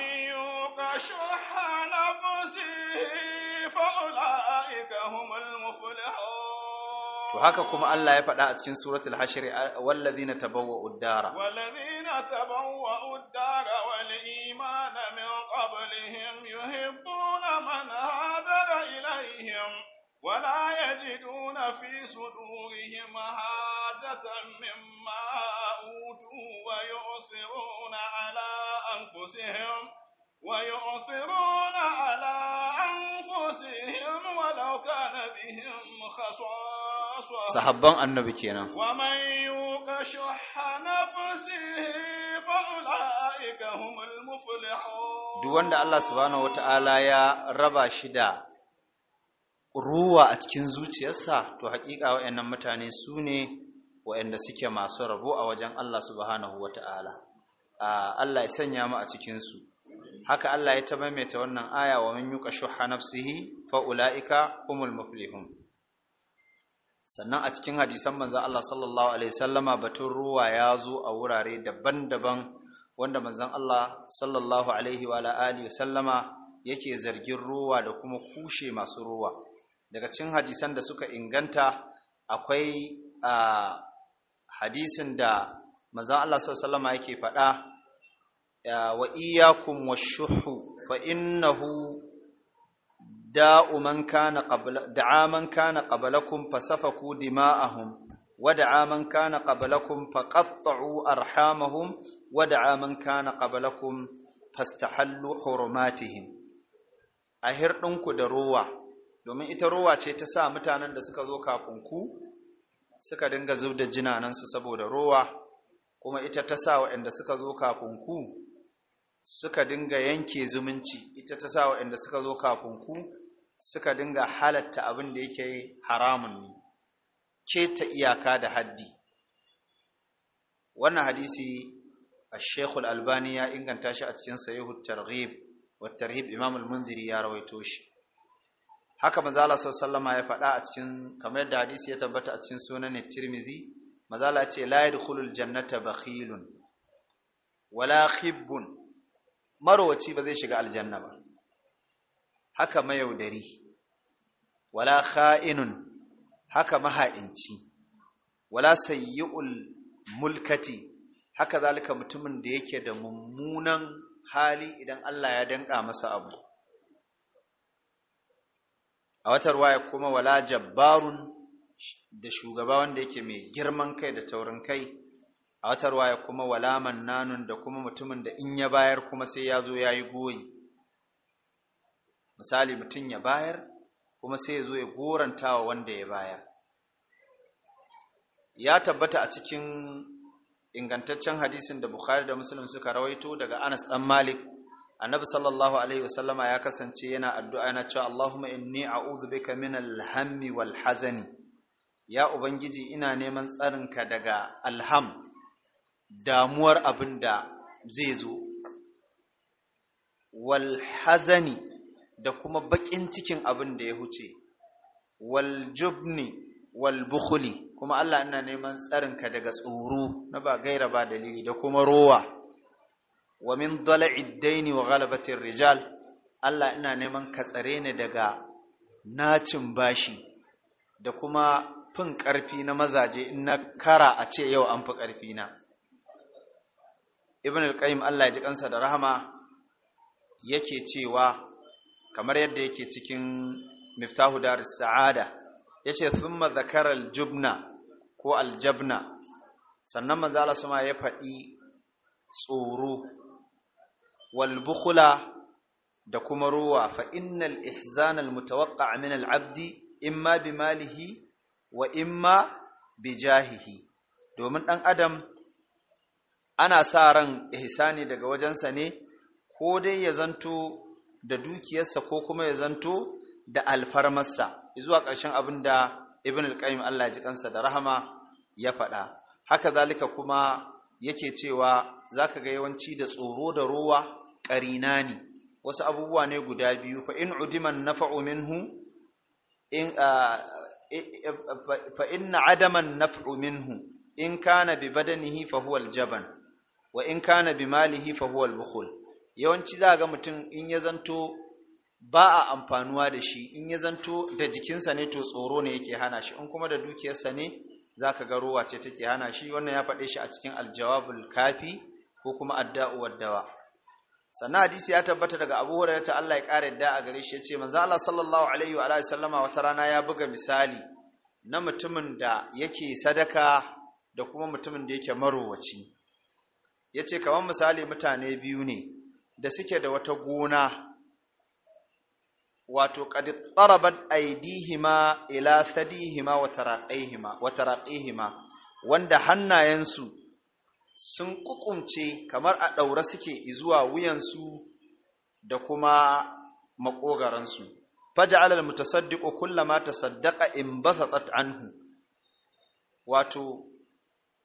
to haka kuma Allah ya faɗa a cikin suratul hashr wallazina tabawwa'u dara wallazina tabawwa'u dara wal imana min qablihim yuhibbuna man hadara ilaihim ولا يجدون في صدورهم حاجة مما أوتوا ويؤثرون على أنفسهم ويؤثرون على أنفسهم ولو كان بهم خصاصة sahabban annabi kenan duk wanda Allah subhanahu wataala ya raba shi da ruwa a cikin zuciyarsa to haƙiƙa wa'annan mutane su ne wayanda suke masu rabo a wajen Allah subhanahu wataala Allah ya sanya mu a cikin su haka Allah ya ta maimaita wannan aya wa man yuqashu nafsihi fa ulaika humul muflihun sannan a cikin hadisan manzan Allah sallallahu alaihi wasallama batun ruwa ya zo a wurare daban-daban wanda manzan Allah sallallahu alaihi wa alihi wasallama yake zargin ruwa da kuma kushe masu ruwa daga cikin hadisan da suka inganta akwai a hadisin da manzan Allah sallallahu alaihi yake faɗa wa iyyakum washuhu fa innahu da'u man kana qabla da'a man kana qablakum fasafaku dima'ahum wa da'a man kana qablakum faqatta'u arhamahum wa da'a man kana qablakum fastahallu hurumatihim a hirdinku da ruwa. domin ita ruwa ce ta sa mutanen da suka zo kafin ku suka dinga zubda jinanan jinanansu saboda ruwa. kuma ita ta sa waɗanda suka zo kafin ku suka dinga yanke zumunci ita ta sa waɗanda suka zo kafin ku suka dinga halatta abin da yake haramun ne keta iyaka da haddi wannan hadisi al albani ya inganta shi a cikin sahihu targhib wa tarhib imam al-munziri ya rawaito shi haka Mazala Allah ya faɗa a cikin kamar yadda hadisi ya tabbata a cikin sunan tirmizi Mazala ce la yadkhulul jannata bakhilun wala khibbun marwaci ba zai shiga aljanna ba haka mayaudari wala kha'inun haka maha'inci wala sayyi'ul mulkati haka zalika mutumin da yake da mummunan hali idan Allah ya danka masa abu a watar waya kuma wala jabbarun da shugaba wanda yake mai girman kai da taurin kai a watar waya kuma wala mannanun da kuma mutumin da in ya bayar kuma sai ya zo ya yi goyi misali mutum ya bayar kuma sai ya zo ya goranta wa wanda ya bayar ya tabbata a cikin ingantaccen hadisin da bukhari da muslim suka rawaito daga anas dan malik annabi sallallahu alaihi wasallama ya kasance yana addu'a yana cewa allahumma inni a'udhu bika min alhammi wal hazani ya ubangiji ina neman tsarinka daga alham damuwar abin da zai zo wal hazani da kuma bakin cikin abin da ya huce wal jubni wal bukhli kuma Allah ina neman tsarinka daga tsoro na ba gaira ba dalili da kuma rowa wa min dala'i daini wa ghalabatir rijal Allah ina neman ka tsare ni daga nacin bashi da kuma fin ƙarfi na mazaje in na kara a ce yau an fi ƙarfi na ibn al-qayyim Allah ya ji kansa da rahama yake cewa kamar yadda yake cikin miftahu dar sa'ada yace thumma zakara Jubna ko aljabna sannan manzo Allah sama ya faɗi tsoro wal da kuma ruwa fa innal ihzana al mutawaqqa' min al abdi imma bi malihi wa imma bi jahihi domin dan adam ana sa ran ihsani daga wajensa ne ko dai ya zanto da dukiyarsa ko kuma ya zanto da alfarmarsa zuwa ƙarshen abin da ibn alƙayyim Allah ji kansa da rahama ya faɗa haka zalika kuma yake cewa zaka ga yawanci da tsoro da rowa ƙarina ne wasu abubuwa ne guda biyu fa in udiman nafa'u minhu in fa inna adaman naf'u minhu in kana bi badanihi fa huwa jaban wa in kana bi malihi fa huwa bukul. yawanci za ga mutum in ya zanto ba a amfanuwa da shi in ya zanto da jikinsa ne to tsoro ne yake hana shi in kuma da dukiyarsa ne za ka ga ruwa ce take hana shi wannan ya faɗe shi a cikin aljawabul kafi ko kuma adda'u waddawa sannan hadisi ya tabbata daga abu hurairah ta Allah ya ƙara yadda a gare shi ya ce manzo Allah sallallahu alaihi wa sallama wata rana ya buga misali na mutumin da yake sadaka da kuma mutumin da yake marowaci ya ce kamar misali mutane biyu ne da suke da wata gona wato kadi tarabat aidihima ila sadihima wa taraqihima wa wanda hannayensu sun kukumce kamar a ɗaura suke zuwa wuyansu da kuma makogaransu faj'al almutasaddiqu kullama tasaddaqa in basatat anhu wato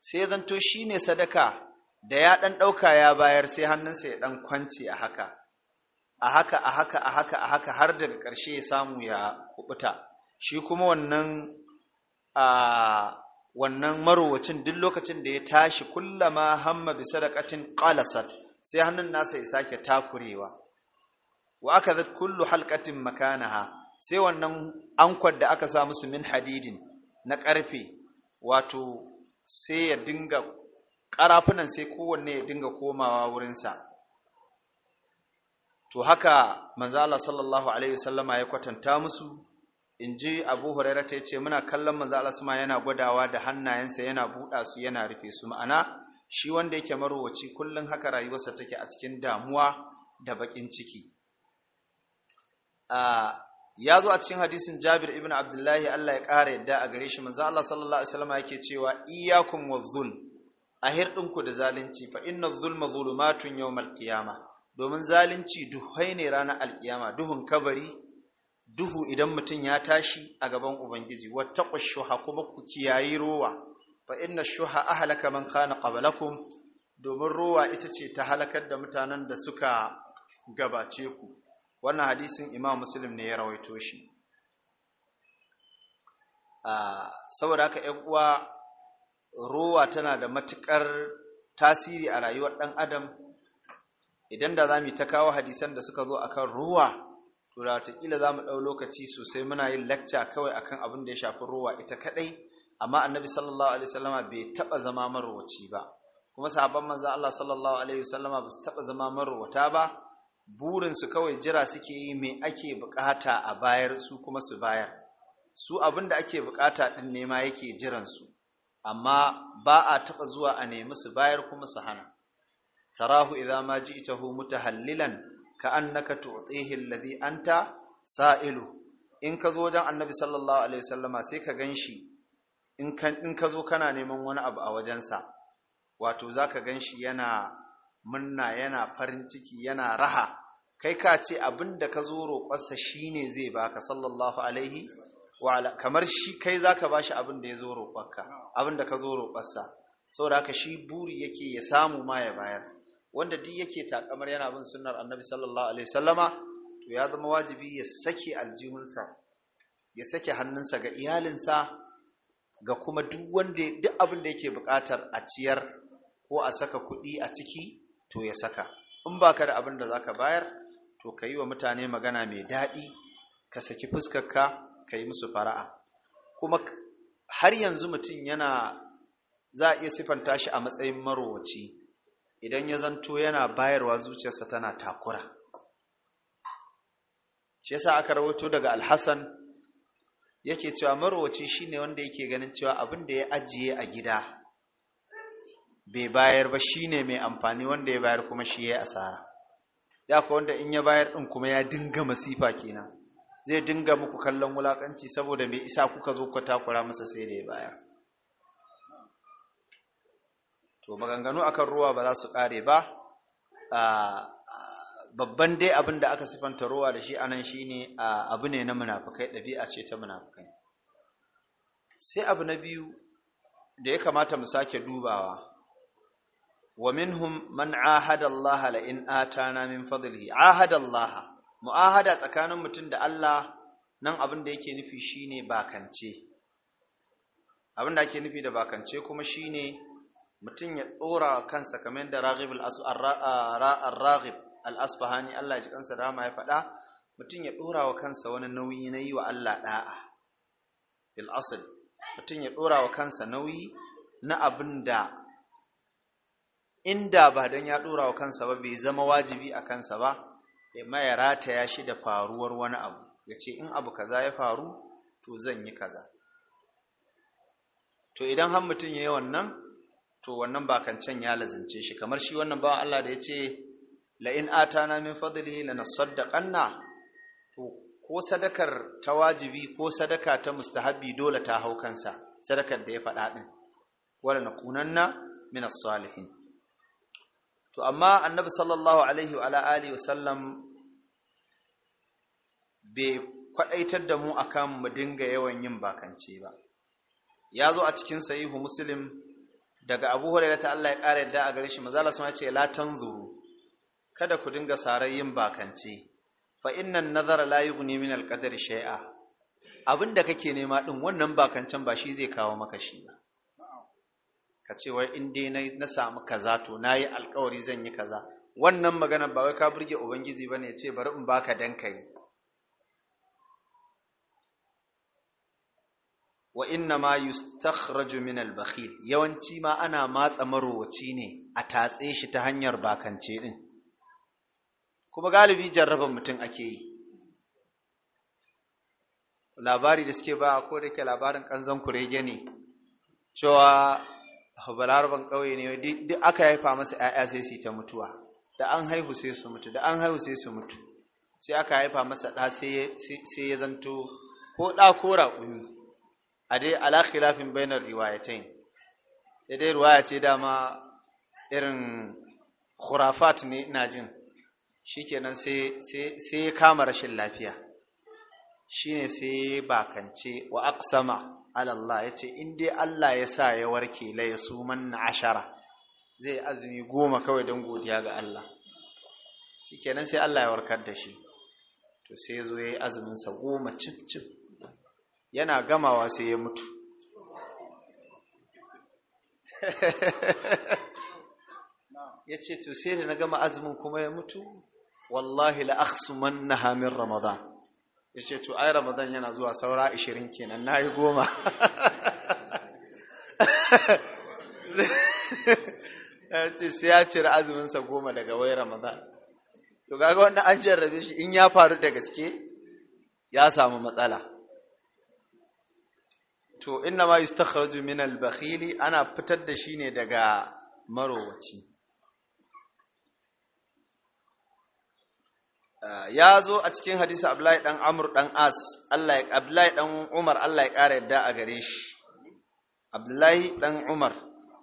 sai zanto shine sadaka da ya ɗan ɗauka ya bayar sai hannunsa ya ɗan kwanci a haka a haka a haka a haka a haka har daga ƙarshe ya samu ya kubuta shi kuma wannan a marowacin duk lokacin da ya tashi kullama hamma bi sadaqatin qalasat sai hannun nasa ya sake takurewa wa akadat kullu halqatin makanaha sai wannan ankwar da aka sa musu min hadidin na ƙarfe wato sai ya dinga ƙarafunan sai kowanne ya dinga komawa wurinsa to haka manzala sallallahu alaihi wasallama ya kwatanta musu in ji abu huraira ta ce muna kallon manzala suma yana gwadawa da hannayensa yana buɗa su yana rufe su ma'ana shi wanda yake marowaci kullum haka rayuwarsa take a cikin damuwa da baƙin ciki ah, ya zo a cikin hadisin jabir ibn abdullahi allah ya ƙara yadda a gare shi manzo allah sallallahu alaihi yake cewa iyakun wa a hirɗinku da zalunci fa inna zulma zulumatun yau malkiyama domin zalunci duhai ne ranar alkiyama duhun kabari duhu idan mutum ya tashi a gaban ubangiji wattaqu shuha kuma ku kiyayi rowa fa inna shuha halaka man kana qablakum domin rowa ita ce ta halakar da mutanen da suka gabace ku wannan hadisin imam muslim ne ya rawaito shi ah, saboda haka 'yan uwa Ruwa tana da matukar tasiri a rayuwar ɗan adam idan da za mu ta kawo hadisan da suka zo akan ruwa, to da watakila za mu ɗau lokaci sosai muna yin lacca kawai akan abin da ya shafi ruwa ita kaɗai amma annabi sallallahu alaihi wasallama bai taɓa zama marwaci ba kuma sahabban manzo Allah sallallahu alaihi wasallama ba su taɓa zama marowata ba burinsu kawai jira suke yi me ake bukata a bayar su kuma su bayar su abin da ake bukata ɗin nema yake jiran su amma ba a taɓa zuwa a nemi su bayar kuma su hana tarahu idza ma ji'tahu mutahallilan ka annaka tu'tihi alladhi anta sa'ilu in ka zo wajen annabi sallallahu alaihi wasallama sai ka ganshi in ka in ka zo kana neman wani abu a wajensa wato zaka ganshi yana munna yana farin ciki yana raha kai ka ce abinda ka zo roƙonsa shine zai baka sallallahu alaihi Wala kamar shi kai zaka bashi abin da ya zo roƙarka abin da ka zo roƙarsa saboda haka shi buri yake ya samu ma ya bayar wanda duk yake takamar yana bin sunnar annabi sallallahu alaihi wasallama to ya zama wajibi ya sake aljihunsa ya sake hannunsa ga iyalinsa ga kuma duk wanda duk abin da yake buƙatar a ciyar ko a saka kuɗi a ciki to ya saka in baka da abin da zaka bayar to ka yi wa mutane magana mai daɗi ka saki fuskarka ka yi musu fara'a kuma har yanzu mutum yana za a iya siffanta shi a matsayin marowaci idan ya zanto yana bayarwa zuciyarsa tana takura shi yasa aka rawato daga alhassan yake cewa marowaci shine wanda yake ganin cewa abin da ya ajiye a gida bai bayar ba shine mai amfani wanda ya bayar kuma shi ya asara da wanda in ya bayar ɗin kuma ya dinga masifa kenan zai dinga muku kallon wulakanci saboda mai isa kuka zo kwata takura masa sai da ya baya to maganganu akan ruwa ba za su kare ba babban dai abin da aka sifanta ruwa da shi anan shine abu ne na munafukai ɗabi'a ce ta munafukai sai abu na biyu da ya kamata mu sake dubawa wa minhum man ahada Allah la in atana min fadlihi ahada Allah mu'ahada tsakanin mutum da Allah nan abin da yake nufi shine bakance abin da ake nufi da bakance kuma shine mutum ya dora kansa kamar da Raghib al ragib al-Asfahani Allah ya ji kansa rama ya faɗa mutum ya dora wa kansa wani nauyi na yi wa Allah da'a bil asl mutum ya dora wa kansa nauyi na abin da inda ba dan ya dora wa kansa ba bai zama wajibi a kansa ba ma ya rataya shi da faruwar wani abu ya ce in abu kaza ya faru to zan yi kaza to idan har mutum ya yi wannan to wannan bakancan ya lazince shi kamar shi wannan bawan Allah da ya ce la'in atana min fadlihi nasaddaqanna to ko sadakar ta wajibi ko sadaka ta mustahabi dole ta hau kansa sadakar da ya faɗa din wala nakunanna min as-salihin to amma annabi sallallahu alaihi wa alihi wasallam bai kwadaitar da mu akan mu dinga yawan yin bakance ba ya zo a cikin sahihu muslim daga abu hurairah ta Allah ya kare yadda a gare shi manzo sun ce la tanzuru kada ku dinga sarar yin bakance fa innan nazara la yughni min al shay'a abinda kake nema din wannan bakancan ba shi zai kawo maka shi ba ka ce wai in dai na samu kaza to nayi yi alkawari zan yi kaza wannan magana ba wai ka burge ubangiji ba ne ce bari in baka dan ka yi wa inna ma yustakhraju min al-bakhil yawanci ma ana matsa marowaci ne a tatse shi ta hanyar bakance din kuma galibi jarraban mutum ake yi labari da suke ba a ko da ke labarin kanzan kurege ne cewa balaraban ƙauye ne duk aka haifa masa ‘ya'ya sai su ta mutuwa da an haihu sai su mutu da an haihu sai su mutu sai aka haifa masa ɗa sai ya zanto ko ɗa ko raƙumi a dai alakhilafin bainar riwayatain Da dai riwaya ce dama irin khurafat ne ina jin shikenan sai ya kama rashin lafiya shine sai bakance wa aksama alallah ya ce in dai Allah ya sa ya warke la ya suman na ashara zai azumi goma kawai don godiya ga Allah kenan sai Allah ya warkar da shi to sai ya zo ya yi azuminsa goma cif cif yana gamawa sai ya mutu ya ce to sai da na gama azumin kuma ya mutu wallahi la na hamin ramadan ya ce to ai ramadan yana zuwa saura 20 kenan nayi yi goma ya ce sai ya cire azuminsa goma daga wai ramadan to kaga wannan an jarrabe shi in ya faru da gaske ya samu matsala to inna ma yustakhraju min al-bakhili ana fitar da shi ne daga marowaci Eh, ya zo a cikin hadisi Abdullahi dan Amur, dan As Allah ya Abdullahi dan Umar Allah ya ƙara yadda a gare shi Abdullahi dan Umar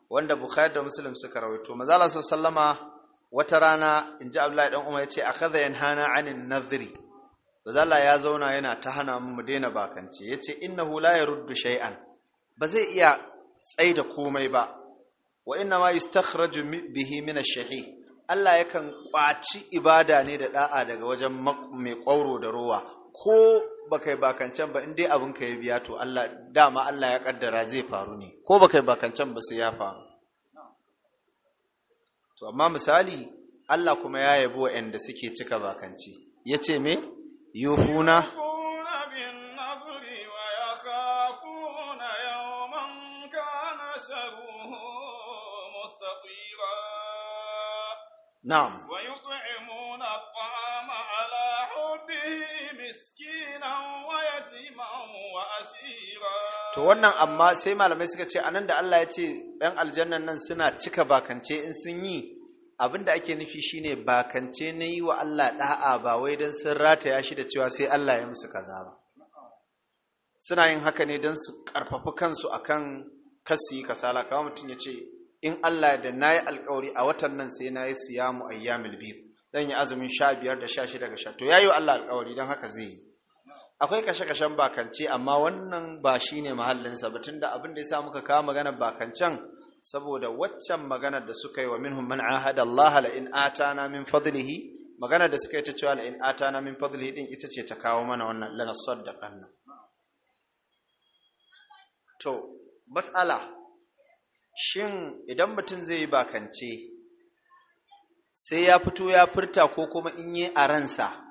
wanda Bukhari da Muslim suka rawaito manzo Allah sallama wata rana inji Abdullahi dan Umar yace akhadha hana anin nadhri manzo Allah ya zauna yana ta hana mu mu daina bakance yace innahu la yaruddu shay'an ba zai iya tsaida komai ba wa inna ma yustakhraju bihi min ash Allah yakan ƙwaci ibada ne da ɗa'a daga wajen mai ƙwauro da rowa ko baka yi bakancan ba in dai abin ka ya biya to Allah dama Allah ya ƙaddara zai faru ne ko baka yi bakancan ba sai ya faru to amma misali Allah kuma ya yabo da suke cika bakanci ya ce me yufuna نعم ويطعمون الطعام على حبه مسكينا ويتيما واسيرا to wannan amma sai malamai suka ce anan da Allah ya ce ɗan aljannan nan suna cika bakance in sun yi abin da ake nufi shine bakance na yi wa Allah ɗa'a ba wai don sun rataya shi da cewa sai Allah ya musu kaza ba suna yin haka ne don su ƙarfafi kansu akan kasu kasala kawai mutum ya ce in Allah da na yi alkawari a watan nan sai na yi siyamu ayyamil biyu, zan yi azumin sha biyar da sha shida ga sha to ya yi wa Allah alkawari don haka zai yi akwai kashe-kashen bakance amma wannan ba shi ne mahallinsa ba da abin da ya sa muka kawo maganar bakancen saboda waccan maganar da suka yi wa minhum man ahada Allah la in atana min fadlihi maganar da suka yi ta cewa la in atana min fadlihi din ita ce ta kawo mana wannan lana saddaqanna to matsala shin idan mutum zai yi bakance sai ya fito ya furta ko kuma in yi a ransa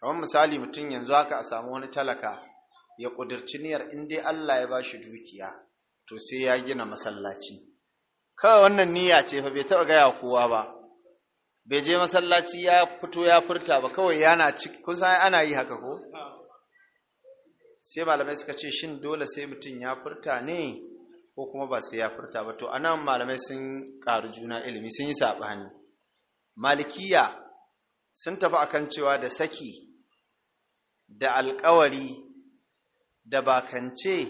kamar misali mutum yanzu haka a samu wani talaka ya ƙudurci niyyar in dai Allah ya ba shi dukiya to sai ya gina masallaci kawai wannan niyya ce fa bai taɓa gaya kowa ba bai je masallaci ya fito ya furta ba kawai yana ciki san ana yi haka ko sai malamai suka ce shin dole sai mutum ya furta ne ko kuma ba sai ya furta ba to anan malamai sun ƙaru juna ilimi sun yi saɓani malikiya sun tafi akan cewa da saki da alƙawari da bakance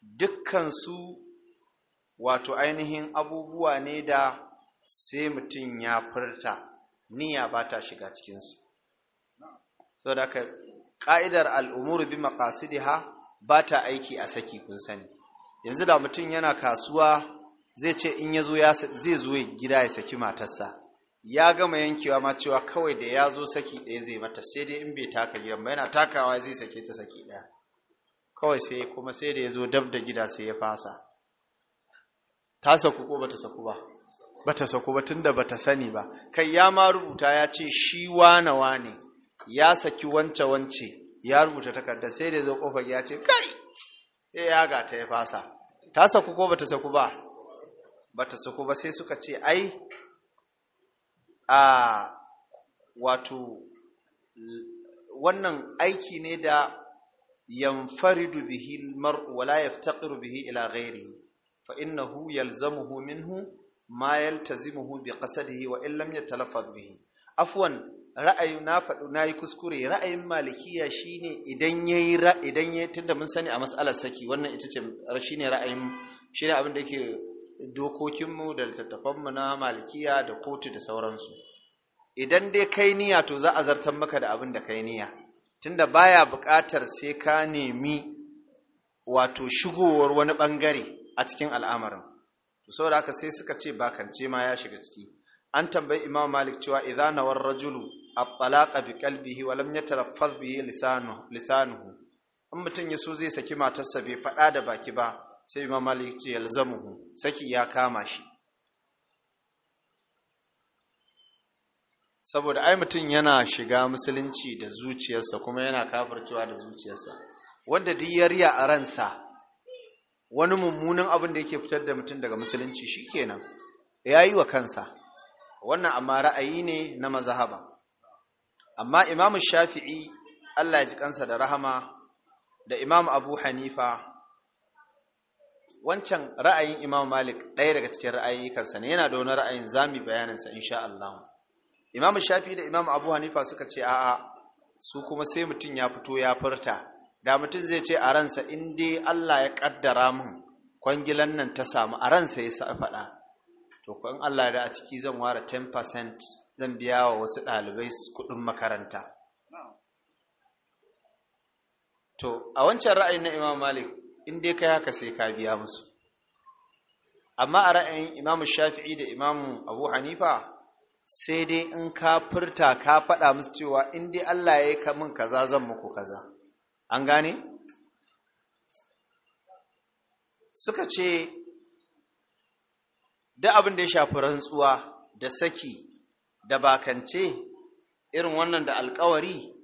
dukkansu wato ainihin abubuwa ne da sai mutum ya furta niyya ba ta shiga cikinsu so da ƙa'idar al'umuru bi maƙasidiha ba ta aiki a saki kun sani yanzu da mutum yana kasuwa zai ce in ya zo zai zo gida ya saki matarsa ya gama yankewa ma cewa kawai da ya zo saki ɗaya zai mata sai dai in bai taka gidan ba yana takawa zai sake ta saki ɗaya kawai sai kuma sai da ya zo dab da gida sai ya fasa ta saku ko bata saku ba bata saku ba tunda bata sani ba kai ya ma rubuta ya ce shi wane wane ya saki wance wance ya rubuta takarda sai da ya zo kofar ya ce kai sai ya ta ya fasa ta saku ko bata saku ba bata saku ba sai suka ce ai a wato wannan aiki ne da yanfaridu bihi mar'u wala yaftaqiru bihi ila ghairihi fa innahu yalzamuhu minhu ma yaltazimuhu bi wa illam yatalaffaz bihi afwan ra'ayi na faɗo na yi kuskure ra'ayin malikiya shine idan ya idan ya tunda mun sani a matsalar saki wannan ita ce shine ra'ayin shine abin da yake dokokinmu da littattafanmu na malikiya da kotu da sauransu idan dai kai niyya to za a zartar maka da abin da kai niyya tunda baya buƙatar sai ka nemi wato shigowar wani ɓangare a cikin al'amarin to saboda haka sai suka ce ba kance ma ya shiga ciki an tambayi imam malik cewa idza nawar rajulu at-talaqa bi qalbihi wa lam yataraffaz bihi in mutum ya so zai saki matarsa bai faɗa da baki ba sai imam malik ce yalzamuhu saki ya kama shi saboda ai mutum yana shiga musulunci da zuciyarsa kuma yana kafircewa da zuciyarsa wanda duk ya a ransa wani mummunan abin da yake fitar da mutum daga musulunci shikenan ya yi wa kansa wannan amma ra'ayi ne na mazahaba amma imamu shafi'i Allah ya ji kansa da rahama da imam abu hanifa wancan ra'ayin imam malik ɗaya daga cikin ra'ayi kansa ne yana da wani ra'ayin zami bayaninsa insha Allah imam Shafi'i da imam abu hanifa suka ce a'a su kuma sai mutum ya fito ya furta da mutum zai ce a ransa in dai Allah ya kaddara mun kwangilan nan ta samu a ransa ya sa faɗa to Allah da a ciki zan ware 10% zan biya wa wasu ɗalibai kuɗin makaranta to a wancan ra'ayin na imam malik inda dai kai haka sai ka biya musu amma a ra'ayin imam shafi'i da imam abu hanifa sai dai in ka furta ka faɗa musu cewa in dai allah ya yi kamun kaza zan muku kaza an gane suka ce da abin da ya shafi rantsuwa da saki da bakance irin wannan da alkawari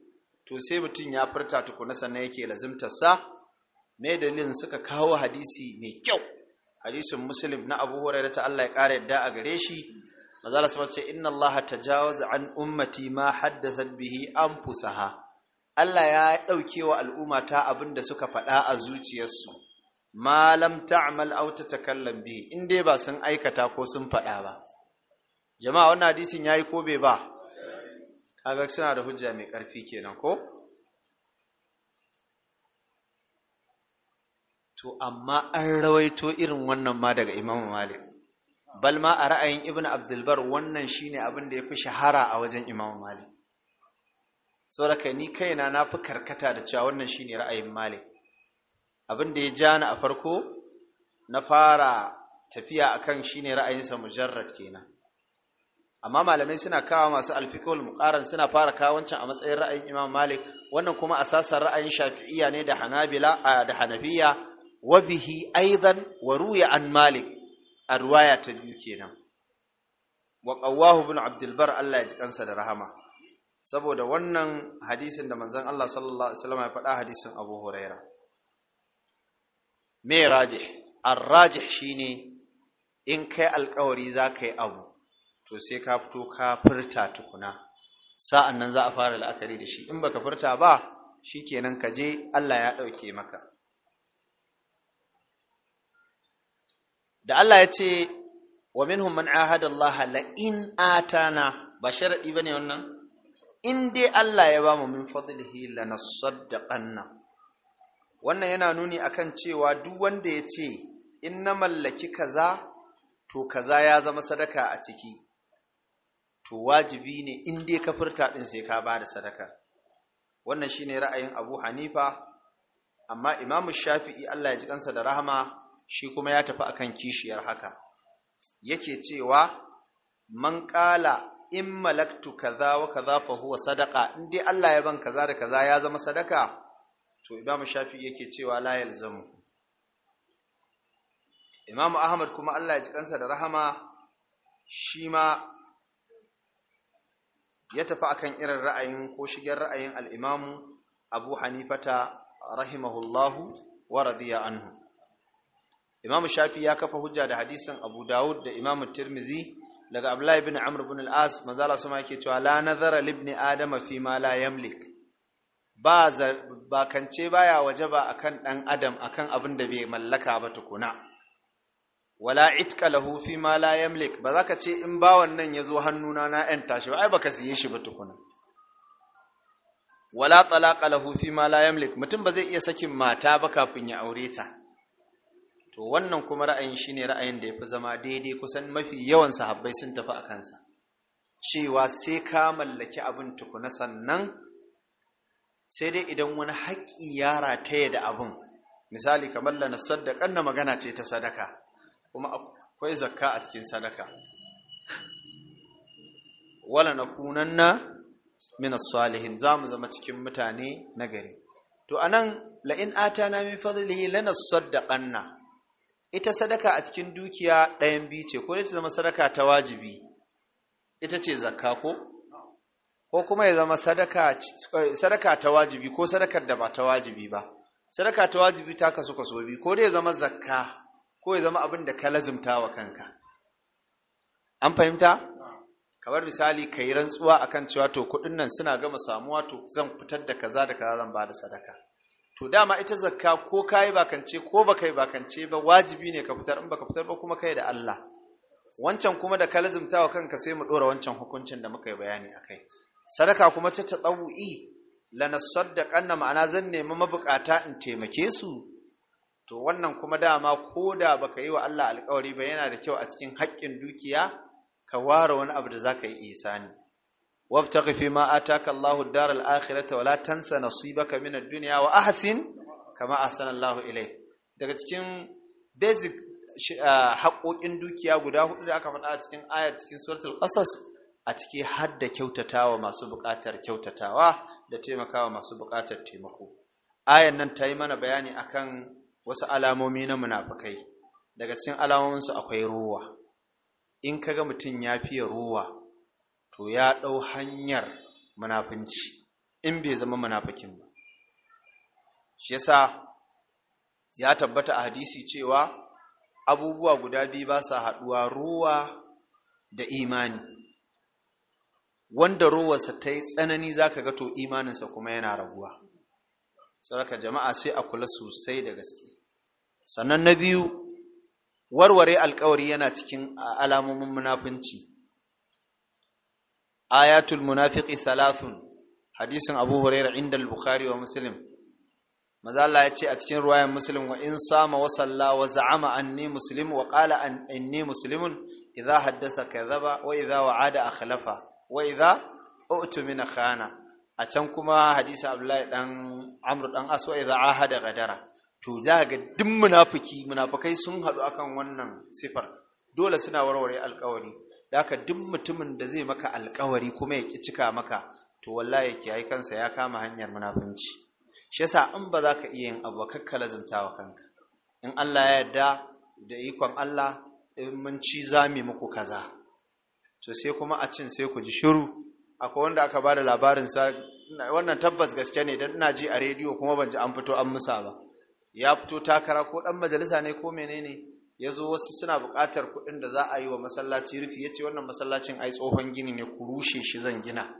to sai mutum ya furta tukuna sannan yake lazimtarsa me dalilin suka kawo hadisi mai kyau hadisin muslim na abu hurairah ta Allah ya ƙara yadda a gare shi mazala su ce inna allaha tajawaza an ummati ma haddasa bihi an fusaha. Allah ya ɗauke wa al'umma ta abin da suka faɗa a zuciyarsu, malam ta'amal auta takallan bihi, in dai ba sun aikata ko sun faɗa ba. jama'a wannan hadisin yayi ko bai ba kaga suna da hujja mai ƙarfi kenan ko to amma an rawaito irin wannan ma daga Imam Malik bal ma a ra'ayin Ibn Abdulbar wannan shine abin da yafi shahara a wajen Imam Malik saboda ni kaina na fi karkata da cewa wannan shine ra'ayin Malik abin da ya ja ni a farko na fara tafiya akan shine ra'ayinsa mujarrad kenan amma malamai suna kawo masu alfikul muqaran suna fara kawo wancan a matsayin ra'ayin Imam Malik wannan kuma asasar ra'ayin Shafi'iyya ne da Hanabila da Hanafiya wa bihi aidan wa ruya an Malik a ruwaya ta biyu kenan wa qawwahu ibn Abdul Bar Allah ya ji kansa da rahama saboda wannan hadisin da manzon Allah sallallahu alaihi wasallam ya faɗa hadisin Abu Huraira me rajih ar-rajih shine in kai alƙawari za abu to sai ka fito ka furta tukuna sa'an nan za a fara la'akari da shi in baka furta ba shi kenan ka je Allah ya ɗauke maka da Allah ya ce wa minhum man ahada Allah la in atana ba ba bane wannan in dai Allah ya mu min fadlihi lanasaddaqanna wannan yana nuni akan cewa duk wanda ya ce in na mallaki kaza to kaza ya zama sadaka a ciki to wajibi ne in dai ka furta din sai ka ba da sadaka wannan shine ra'ayin Abu Hanifa amma Imam Shafi'i Allah ya ji kansa da rahama shi kuma ya tafi akan kishiyar haka yake cewa man qala in malaktu kaza wa kaza fa huwa sadaqa in dai Allah ya ban kaza da kaza ya zama sadaka to Imam Shafi'i yake cewa la yalzamu Imam Ahmad kuma Allah ya ji kansa da rahama shi ma ya tafi akan irin ra'ayin ko shigar ra'ayin al'imamu abu hanifata rahimahullahu wa radiya anhu Imamu shafi ya kafa hujja da hadisin abu dawud da Imamu tirmizi daga abdullahi bin amr bin al-as manzala sama yake cewa la nazara libni adama fi ma la yamlik ba kance baya waje ba akan ɗan adam akan abin da bai mallaka ba tukuna wala itka lahu fi ma la yamlik ba zaka ce in bawan nan yazo hannuna na yan tashi ba ai baka siye shi ba tukuna wala talaqa lahu fi ma la yamlik mutum ba zai iya sakin mata ba kafin ya aure ta to wannan kuma ra'ayin shine ra'ayin da yafi zama daidai kusan mafi yawan sahabbai sun tafi a kansa cewa sai ka mallaki abin tukuna sannan sai dai idan wani haƙƙi ya rataya da abin misali kamar la nasaddaqan na magana ce ta sadaka kuma akwai zakka a cikin sadaka wala nakunanna min as-salihin zamu zama cikin mutane nagari to anan la in atana min fadlihi lanasaddaqanna ita sadaka a cikin dukiya ɗayan biyu ce ko ta zama sadaka ta wajibi ita ce zakka ko ko kuma ya zama eh, sadaka ta wajibi ko sadakar da ba ta wajibi ba sadaka ta wajibi ta kasu kaso biyu ko dai zama zakka ko ya zama abin da ka lazumta wa kanka an fahimta kamar misali ka yi rantsuwa a kan cewa to kuɗin nan suna gama samuwa to zan fitar da kaza da kaza zan bada sadaka to dama ita zakka ko ka yi bakance ko ba ka yi bakance ba wajibi ne ka fitar in ba ka fitar ba kuma kai da Allah wancan kuma da ka lazumta wa kanka sai mu ɗora wancan hukuncin da muka yi bayani a kai. sadaka kuma ta ta da lanasaddaqanna ma'ana zan nemi mabukata in taimake su to wannan kuma dama ko da baka yi wa Allah alkawari ba yana da kyau a cikin haƙƙin dukiya ka ware wani abu da za zaka yi isani wabtaghi fi ma ataka Allahu ad-dar al-akhirata wa la tansa nasibaka min ad-dunya wa ahsin kama ahsana Allahu ilai. daga cikin basic uh, haƙoƙin dukiya guda hudu da aka faɗa a cikin ayar cikin suratul qasas a ciki har da kyautatawa masu buƙatar kyautatawa da taimakawa masu buƙatar taimako ayan nan ta yi mana bayani akan wasu alamomi na munafukai daga cikin alamominsu akwai ruwa in kaga mutum ya fiye ruwa to ya ɗau hanyar munafunci in bai zama munafukin ba shi yasa ya tabbata a hadisi cewa abubuwa guda biyu ba sa haɗuwa ruwa da imani wanda ruwarsa ta yi tsanani za ka ga to imaninsa kuma yana raguwa saboda jama'a sai a kula sosai da gaske sannan na biyu warware alkawari yana cikin alamomin munafunci ayatul munafiqi thalathun hadisin abu huraira inda al-bukhari wa muslim maza Allah ya ce a cikin ruwayan muslim wa in sama wa salla wa za'ama anni muslim wa qala an inni muslimun idza haddatha kadhaba wa idza wa'ada akhlafa wa idza u'tumina khana a can kuma hadisi abdullahi dan amr dan aswa idza ahada gadara to za ga duk munafiki munafikai sun haɗu akan wannan sifar dole suna warware alkawari da aka duk mutumin da zai maka alkawari kuma ya ƙi cika maka to wallahi ya kiyaye kansa ya kama hanyar munafunci shi yasa in ba za ka iya yin abu kakka wa kanka in Allah ya yarda da ikon Allah in mun ci mu muku kaza to sai kuma a cin sai ku ji shiru akwai wanda aka ba da labarin sa wannan tabbas gaske ne dan ina ji a rediyo kuma ban ji an fito an musa ba ya fito takara ko ɗan majalisa ne ko menene ya zo wasu suna buƙatar kuɗin da za a yi wa masallaci rufi yace wannan masallacin ai tsohon gini ne ku rushe shi zan gina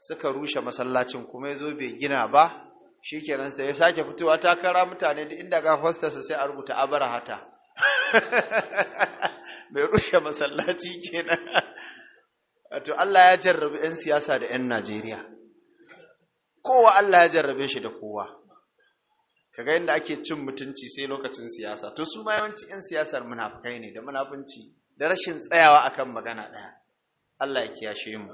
suka rushe masallacin kuma ya bai gina ba shikenan sai ya sake fitowa takara mutane da inda ga hostarsa sai a rubuta abara hata mai rushe masallaci kenan wato Allah ya jarrabi 'yan siyasa da 'yan Najeriya kowa Allah ya jarrabe shi da kowa kaga yadda ake cin mutunci sai lokacin siyasa to su ma yawanci 'yan siyasar munafukai ne da munafunci da rashin tsayawa akan magana ɗaya Allah ya kiyashe mu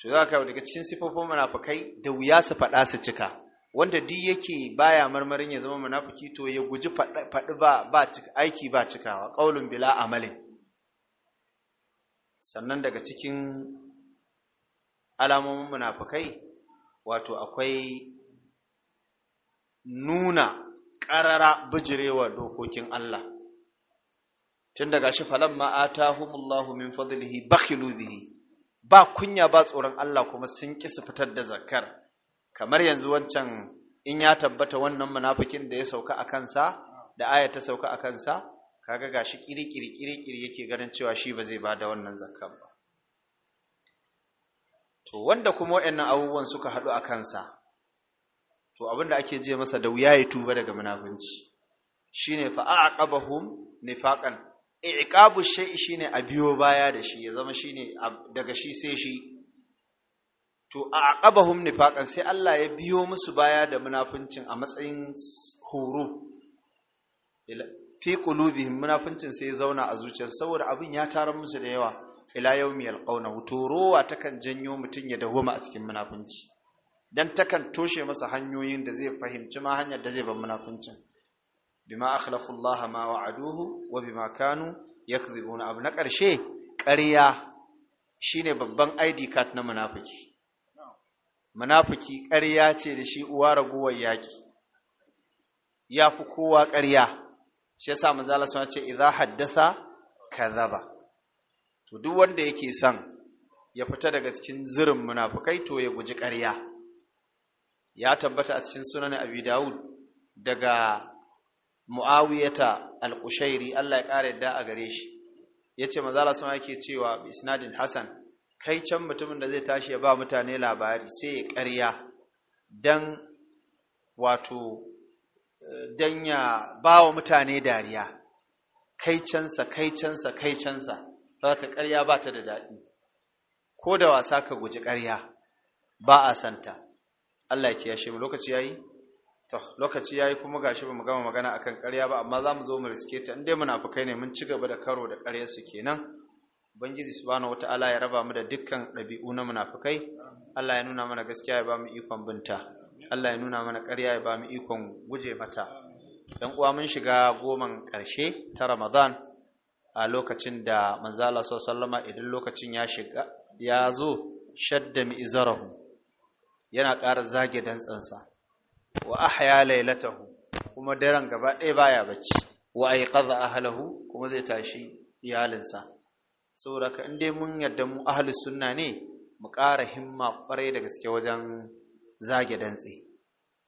to za ka daga cikin sifofin munafukai da wuya su faɗa su cika wanda duk yake baya marmarin ya zama munafuki to ya guji faɗi ba ba aiki ba cikawa qaulun bila amali sannan daga cikin alamomin munafukai wato akwai nuna ƙarara bijirewa dokokin Allah tun daga shi falamma atahumullahu min fadlihi bakhilu bihi ba kunya ba tsoron Allah kuma sun kisa fitar da zakkar kamar yanzu wancan in ya tabbata wannan munafikin da ya sauka a kansa da aya ta sauka a kansa kaga gashi ƙiri-ƙiri kirikiri yake ganin cewa shi ba zai bada wannan zakkar ba to wanda kuma wayannan abubuwan suka haɗu a kansa to abinda ake je masa da wuya ya tuba daga munafunci shine fa aqabahum nifaqan iqabu shay'i shine a biyo baya da shi ya zama shine daga shi sai shi to aqabahum nifaqan sai Allah ya biyo musu baya da munafuncin a matsayin horo fi qulubihim munafuncin sai ya zauna a zuciyar saboda abin ya tarar musu da yawa ila yawmi yalqawna torowa takan janyo mutun ya dawoma a cikin munafunci dan takan toshe masa hanyoyin da zai fahimci ma hanyar da zai bar munafincin bima akhlafu Allah ma wa'aduhu wa bima kanu yakdhibuna abu na karshe ƙarya shine babban ID card na munafiki munafiki ƙarya ce da shi uwa raguwar yaki ya fi kowa ƙarya shi yasa manzo Allah sun ce idza haddasa kadhaba to duk wanda yake son ya fita daga cikin zirin munafikai to ya guji ƙarya ya tabbata a cikin sunan abi dawud daga mu'awiyata al-qushairi Allah ya kare yadda a gare shi yace manzo Allah sama yake cewa bi isnadin hasan kai can mutumin da zai tashi ya ba mutane labari sai ya ƙarya dan wato dan ya ba wa mutane dariya kai cansa kai cansa kai cansa ka ƙarya ba ta da daɗi ko da wasa ka guji ƙarya ba a santa Allah ya kiyashe mu lokaci yayi to lokaci yayi kuma gashi bamu gama magana akan ƙarya ba amma zamu zo mu riske ta indai munafikai ne mun ci gaba da karo da ƙarya su kenan ubangiji subhanahu wataala ya raba mu da dukkan ɗabi'u na munafikai Allah ya nuna mana gaskiya ya ba mu ikon binta Allah ya nuna mana ƙarya ya ba mu ikon guje mata dan uwa mun shiga goman ƙarshe ta Ramadan a lokacin da manzala sallallahu alaihi idan lokacin ya shiga ya zo shadda miizarahu izarahu yana ƙara zage dantsansa wa ahya laylatahu kuma daren gaba ɗaya baya bacci wa aiqadha ahlahu kuma zai tashi iyalinsa saboda ka inde mun yarda mu ahli sunna ne mu ƙara himma ƙwarai da gaske wajen zage dantse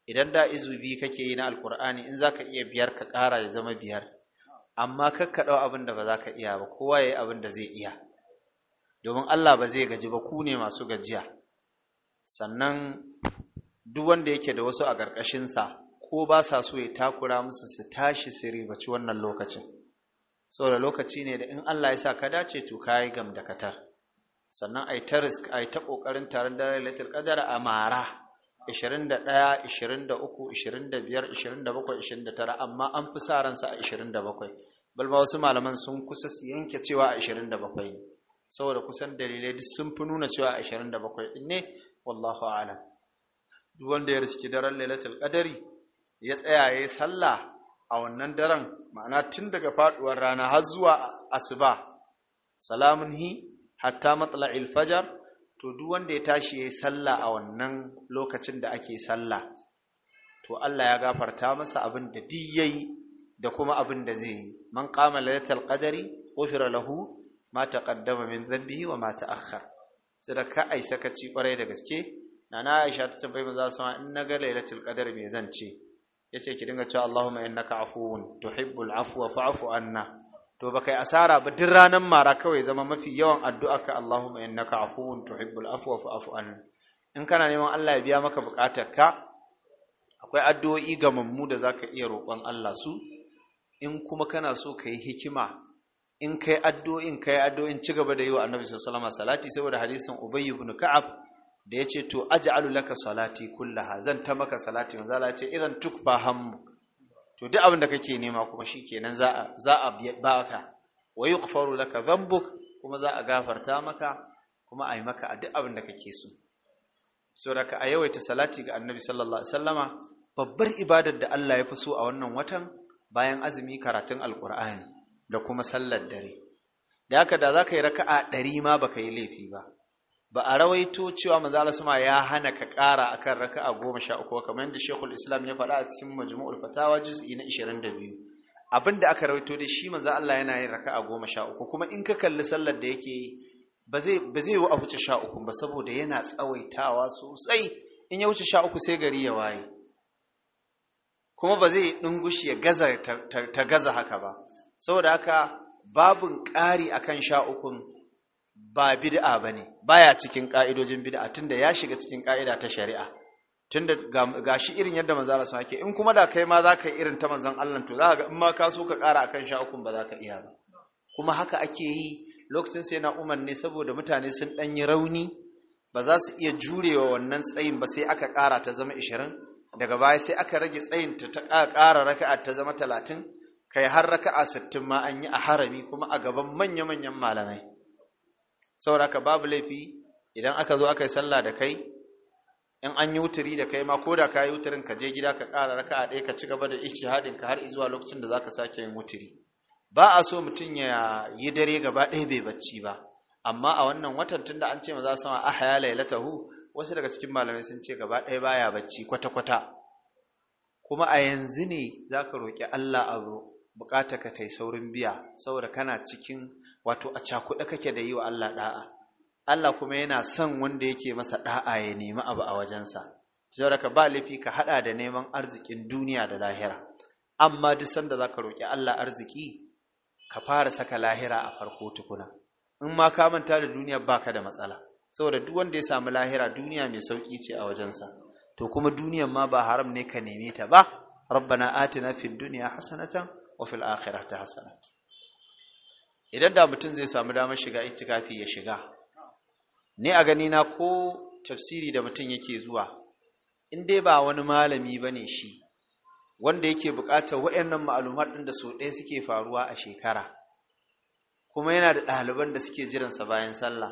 idan da izubi kake yi na alkur'ani in zaka iya biyar ka ƙara ya zama biyar amma kakka ɗau abin da ba za ka iya ba kowa ya yi abin da zai iya domin Allah ba zai gaji ba ku ne masu gajiya sannan duk wanda yake da wasu a ƙarƙashinsa ko ba sa so ya takura musu su tashi su ribaci wannan lokacin saboda lokaci ne da in Allah ya sa ka dace to ka yi gam da katar sannan ai ta risk ai ta kokarin taron dare lailatul qadar a mara 21 23 25 27 29 amma an fi sa ransa a 27 balma wasu malaman sun kusa su yanke cewa a 27 ne saboda kusan dalilai sun fi nuna cewa a 27 din ne wallahu a'lam duk wanda ya riski daren lailatul qadari ya tsaya yayi sallah a wannan daren ma'ana tun daga faduwar rana har zuwa asuba salamun hi hatta matla'il fajar to duk wanda ya tashi yayi sallah a wannan lokacin da ake sallah to Allah ya gafarta masa abin da duk da kuma abin da zai yi man qama lailatul qadari ghufira lahu ma taqaddama min dhanbihi wa ma ta'akhkhara sai da ka ai ci kwarai da gaske nana Aisha ta tambayi manzo sama in ga lailatul qadar me zan ce yace ki dinga cewa Allahumma innaka afuwun tuhibbul afwa fa'fu anna to ba kai asara ba duk ranar mara kawai zama mafi yawan addu'a ka Allahumma innaka afuwun tuhibbul afwa fa'fu anna in kana neman Allah ya biya maka ka? akwai addu'o'i ga mammu da zaka iya roƙon Allah su in kuma kana so ka yi hikima in kai addu'o'in kai addu'o'in ci gaba da yi wa annabi sallallahu salati saboda hadisin ubayy ibn ka'ab da yace to aj'alu laka salati kullaha zan ta maka salati manzo Allah yace idan tuk faham to duk abin da kake nema kuma shikenan za a za a baka wa yughfaru laka dhanbuk kuma za a gafarta maka kuma a yi maka a duk abin da kake so saboda ka a yawaita salati ga annabi sallallahu alaihi wasallama babbar ibadar da Allah ya fi so a wannan watan bayan azumi karatun alqur'ani da kuma sallar dare da haka da za ka yi raka'a ɗari ma ba ka yi laifi ba ba a rawaito cewa manzo Allah suma ya hana ka ƙara akan raka'a goma sha uku kamar yadda Sheikhul Islam ya faɗa a cikin Majmu'ul Fatawa juz'i na da abin da aka rawaito da shi manzo Allah yana yin raka'a goma sha uku kuma in ka kalli sallar da yake yi ba zai yi a wuce sha uku ba saboda yana tsawaitawa sosai in ya wuce sha uku sai gari ya waye kuma ba zai ɗungushi ya gaza ta gaza haka ba saboda haka babun ƙari akan sha ukun ba bid'a bane baya cikin ka'idojin bid'a tunda ya shiga cikin ka'ida ta shari'a tunda gashi irin yadda manzo Allah sun in kuma da kai ma yi irin ta manzon Allah to zaka ga in ma ka so ka ƙara akan sha ukun ba zaka iya ba kuma haka ake yi lokacin sai na Umar ne saboda mutane sun dan yi rauni ba za su iya jurewa wannan tsayin ba sai aka ƙara ta zama 20 daga baya sai aka rage tsayin ta ta ƙara raka'a ta zama 30 kai har raka'a sittin ma an yi a harami kuma a gaban manya-manyan malamai sauraka ka babu laifi idan aka zo aka yi sallah da kai in an yi wuturi da kai ma ko da ka yi wuturin ka je gida ka ƙara raka'a ɗaya ka ci gaba da ijtihadin ka har zuwa lokacin da za zaka sake yin wuturi ba a so mutum ya yi dare gaba ɗaya bai bacci ba amma a wannan watan tun da an ce maza sama ta lailatahu wasu daga cikin malamai sun ce gaba ɗaya baya bacci kwata-kwata kuma a yanzu ne za ka roƙi Allah abu bukata ka yi saurin biya saboda kana cikin wato a cakuɗa kake da yi wa Allah da'a Allah kuma yana son wanda yake masa ɗa'a ya nemi abu a wajensa saboda ka ba laifi ka haɗa da neman arzikin duniya da lahira amma duk sanda za ka roki Allah arziki ka fara saka lahira a farko tukuna in ma ka manta da duniya baka da matsala saboda duk wanda ya samu lahira duniya mai sauki ce a wajensa to kuma duniyan ma ba haram ne ka neme ta ba rabbana atina fid dunya hasanatan wa fil ta hasana idan da mutum zai samu damar shiga itikafi ya shiga ne a gani na ko tafsiri da mutum yake zuwa in dai ba wani malami ba ne shi wanda yake buƙatar waɗannan ma'alumar ɗin da so ɗaya suke faruwa a shekara kuma yana da ɗaliban da suke jiransa bayan sallah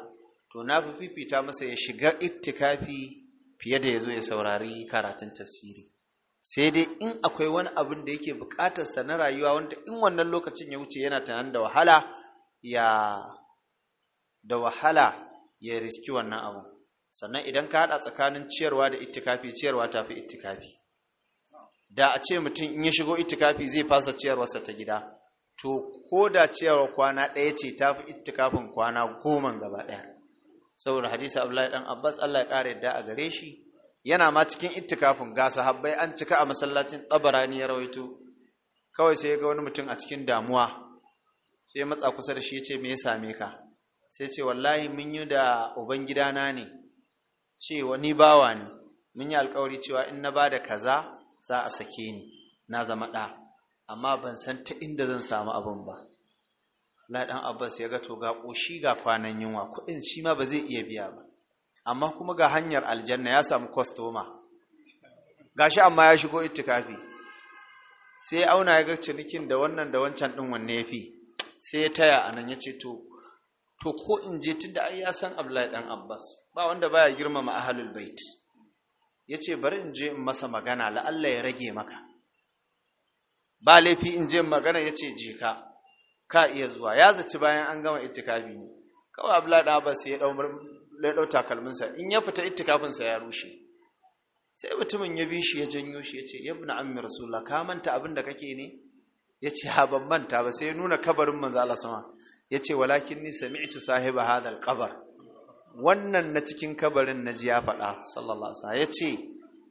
to na fi fifita masa ya shiga itikafi fiye da ya zo ya saurari karatun tafsiri sai dai in akwai wani abin da yake bukatarsa na rayuwa wanda in wannan lokacin ya wuce yana tunanin da wahala ya da wahala ya riski wannan abun. sannan idan ka haɗa tsakanin ciyarwa da ittikafi ciyarwa ta fi ittikafi da a ce mutum in ya shigo ittikafi zai fasa ciyarwarsa ta gida to ko da ciyarwa kwana ɗaya ce ta fi ittikafin kwana goma gaba ɗaya saboda hadisi abdullahi dan abbas allah ya ƙara yadda a gare shi yana ma cikin ittikafin ga sahabbai an cika a masallacin tsabarani ya rawaito kawai sai ya ga wani mutum a cikin damuwa sai ya matsa kusa da shi ya ce me ya same ka sai ce wallahi mun yi da ubangidana ne cewa ni bawa ne mun yi alkawari cewa in na bada kaza za a sake ni na zama ɗa amma ban san ta inda zan samu abin ba na ɗan abbas ya ga to ga shi ga kwanan yunwa kuɗin shi ma ba zai iya biya ba amma kuma ga hanyar aljanna ya samu kwastoma gashi amma ya shigo itikafi sai auna ya ga cinikin da wannan da wancan ɗin wanne ya fi sai ya taya a nan ya ce to ko in je tun ai ya san abdullahi ɗan abbas ba wanda baya girmama ahalul bait ya ce bari in je in masa magana la'alla ya rage maka ba laifi in je magana ya ce je ka ka iya zuwa ya zaci bayan an gama itikafi ne kawai abdullahi ɗan abbas ya ɗau ɗau takalminsa in ya fita itikafinsa ya rushe sai mutumin ya bi shi ya janyo shi ya ce ya bin ammi rasulullah ka manta abin da kake ne ya ce ha ban manta ba sai ya nuna kabarin manzo Allah sama ya ce walakin ni sami'tu sahiba hadar kabar. wannan na cikin kabarin na ji ya faɗa sallallahu alaihi wasallam ya ce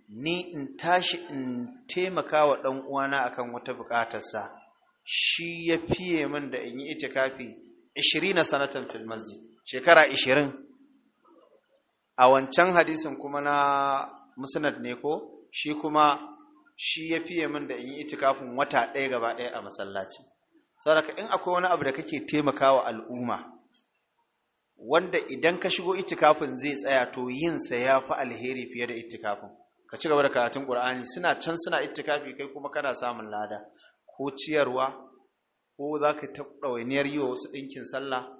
ni in tashi in taimaka wa ɗan uwana akan wata sa, shi ya fiye min da in yi itikafi 20 sanatan fil masjid shekara 20 a wancan hadisin kuma na musnad ne ko shi kuma shi ya fiye min da in yi itikafin wata ɗaya gaba ɗaya a masallaci sauraka in akwai wani abu da kake taimakawa al'umma wanda idan ka shigo itikafin zai tsaya to yinsa ya fi alheri fiye da itikafin ka ci gaba da karatun ƙur'ani suna can suna itikafi kai kuma kana samun lada ko ciyarwa ko za ka ta ɗawainiyar yi wa wasu ɗinkin sallah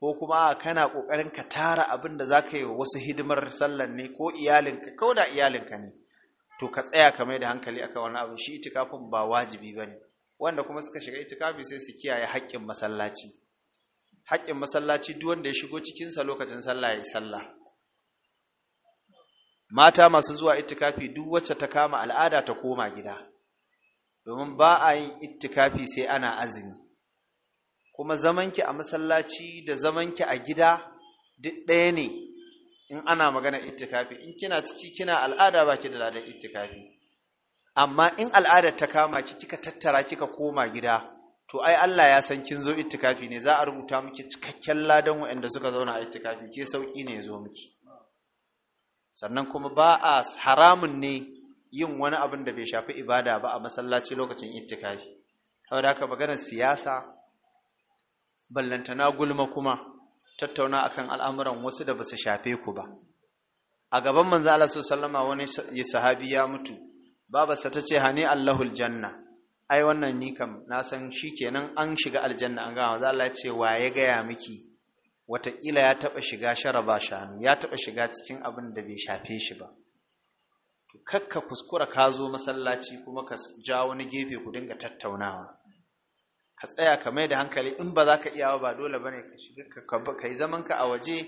ko kuma kana ƙoƙarin ka tara abin da za ka yi wa wasu hidimar sallan ne ko iyalinka ko da iyalinka ne to ka tsaya ka mai da hankali akan wani abu shi itikafin ba wajibi ba ne wanda kuma suka shiga itikafi sai su kiyaye haƙƙin masallaci haƙƙin masallaci duk wanda ya shigo cikinsa lokacin sallah ya sallah mata masu zuwa itikafi duk wacce ta kama al'ada ta koma gida domin ba a yin itikafi sai ana azumi kuma zaman ki a masallaci da zaman ki a gida duk ɗaya ne in ana magana ittikafi in kina ciki kina al'ada baki da ladan ittikafi amma in al'adar ta kama ki kika tattara kika koma gida to ai Allah ya san kin zo ittikafi ne za a rubuta miki cikakken ladan waɗanda suka zauna a ittikafi ke sauki ne zo miki sannan kuma ba a haramun ne yin wani abin da bai shafi ibada ba a masallaci lokacin ittikafi saboda haka maganar siyasa ballantana gulma kuma tattauna akan al'amuran wasu da basu shafe ku ba a gaban manzo Allah sallama wani sahabi ya mutu babarsa ta ce hani Allahul janna ai wannan ni kam na san shi kenan an shiga aljanna an gama manzo Allah ya ce wa ya gaya miki wataƙila ya taɓa shiga sharaba shanu ya taɓa shiga cikin abin da bai shafe shi ba kakka kuskura ka zo masallaci kuma ka ja wani gefe ku dinga tattaunawa ka tsaya ka mai da hankali in ba za ka iya ba dole bane ka shiga ka yi zaman ka a waje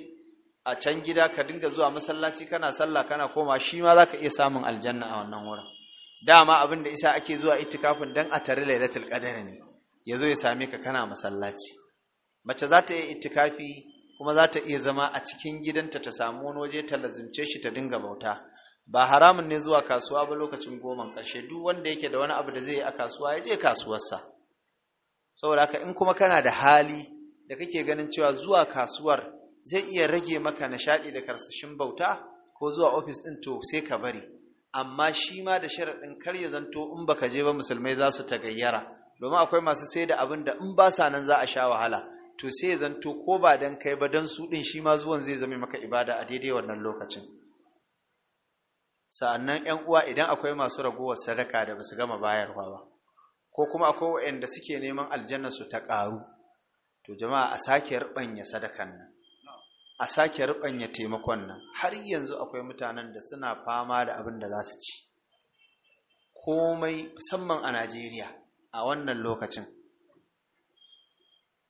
a can gida ka dinga zuwa masallaci kana sallah kana koma shi ma za ka iya samun aljanna a wannan wurin dama abin da isa ake zuwa itikafin dan a tare lailatul qadar ne ya zo ya same ka kana masallaci mace za ta iya itikafi kuma za ta iya zama a cikin gidanta ta samu wani waje ta lazimce shi ta dinga bauta ba haramun ne zuwa kasuwa ba lokacin goman ƙarshe duk wanda yake da wani abu da zai yi a kasuwa ya je kasuwarsa saboda haka in kuma kana da hali da kake ganin cewa zuwa kasuwar zai iya rage maka nishaɗi da karsashin bauta ko zuwa ofis ɗin to sai ka bari amma shi ma da sharaɗin kar ya zanto in baka je ba musulmai za su gayyara, domin akwai masu sai da abin da in ba sa nan za a sha wahala to sai ya zanto ko ba dan kai ba dan su ɗin shi ma zuwan zai zame maka ibada a daidai wannan lokacin sa'annan 'yan uwa idan akwai masu ragowar sadaka da basu gama bayarwa ba ko kuma akwai waɗanda suke neman aljanna su ta ƙaru to jama'a a sake ruɓanya sadakan nan a sake ruɓanya taimakon nan har yanzu akwai mutanen da suna fama da abin da za su ci komai musamman a Najeriya a wannan lokacin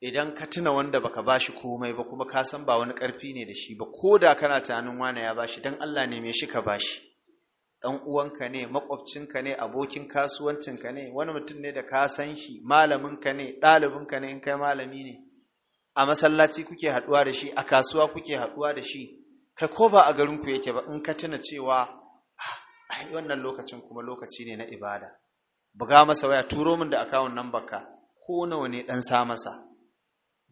idan ka tuna wanda baka bashi komai ba kuma ka san ba wani ƙarfi ne da shi ba ko da kana tunanin wane ya bashi dan Allah ne me shi ka bashi ɗan uwanka ne makwabcinka ne abokin kasuwancinka ne wani mutum ne da ka san shi malaminka ne ɗalibinka ne in kai malami ne a masallaci kuke haɗuwa da shi a kasuwa kuke haɗuwa da shi kai ko ba a garinku yake ba in ka tuna cewa ah, ai wannan lokacin kuma lokaci ne na ibada buga masa waya turo min da akawun nan baka ko nawa ne ɗan sa masa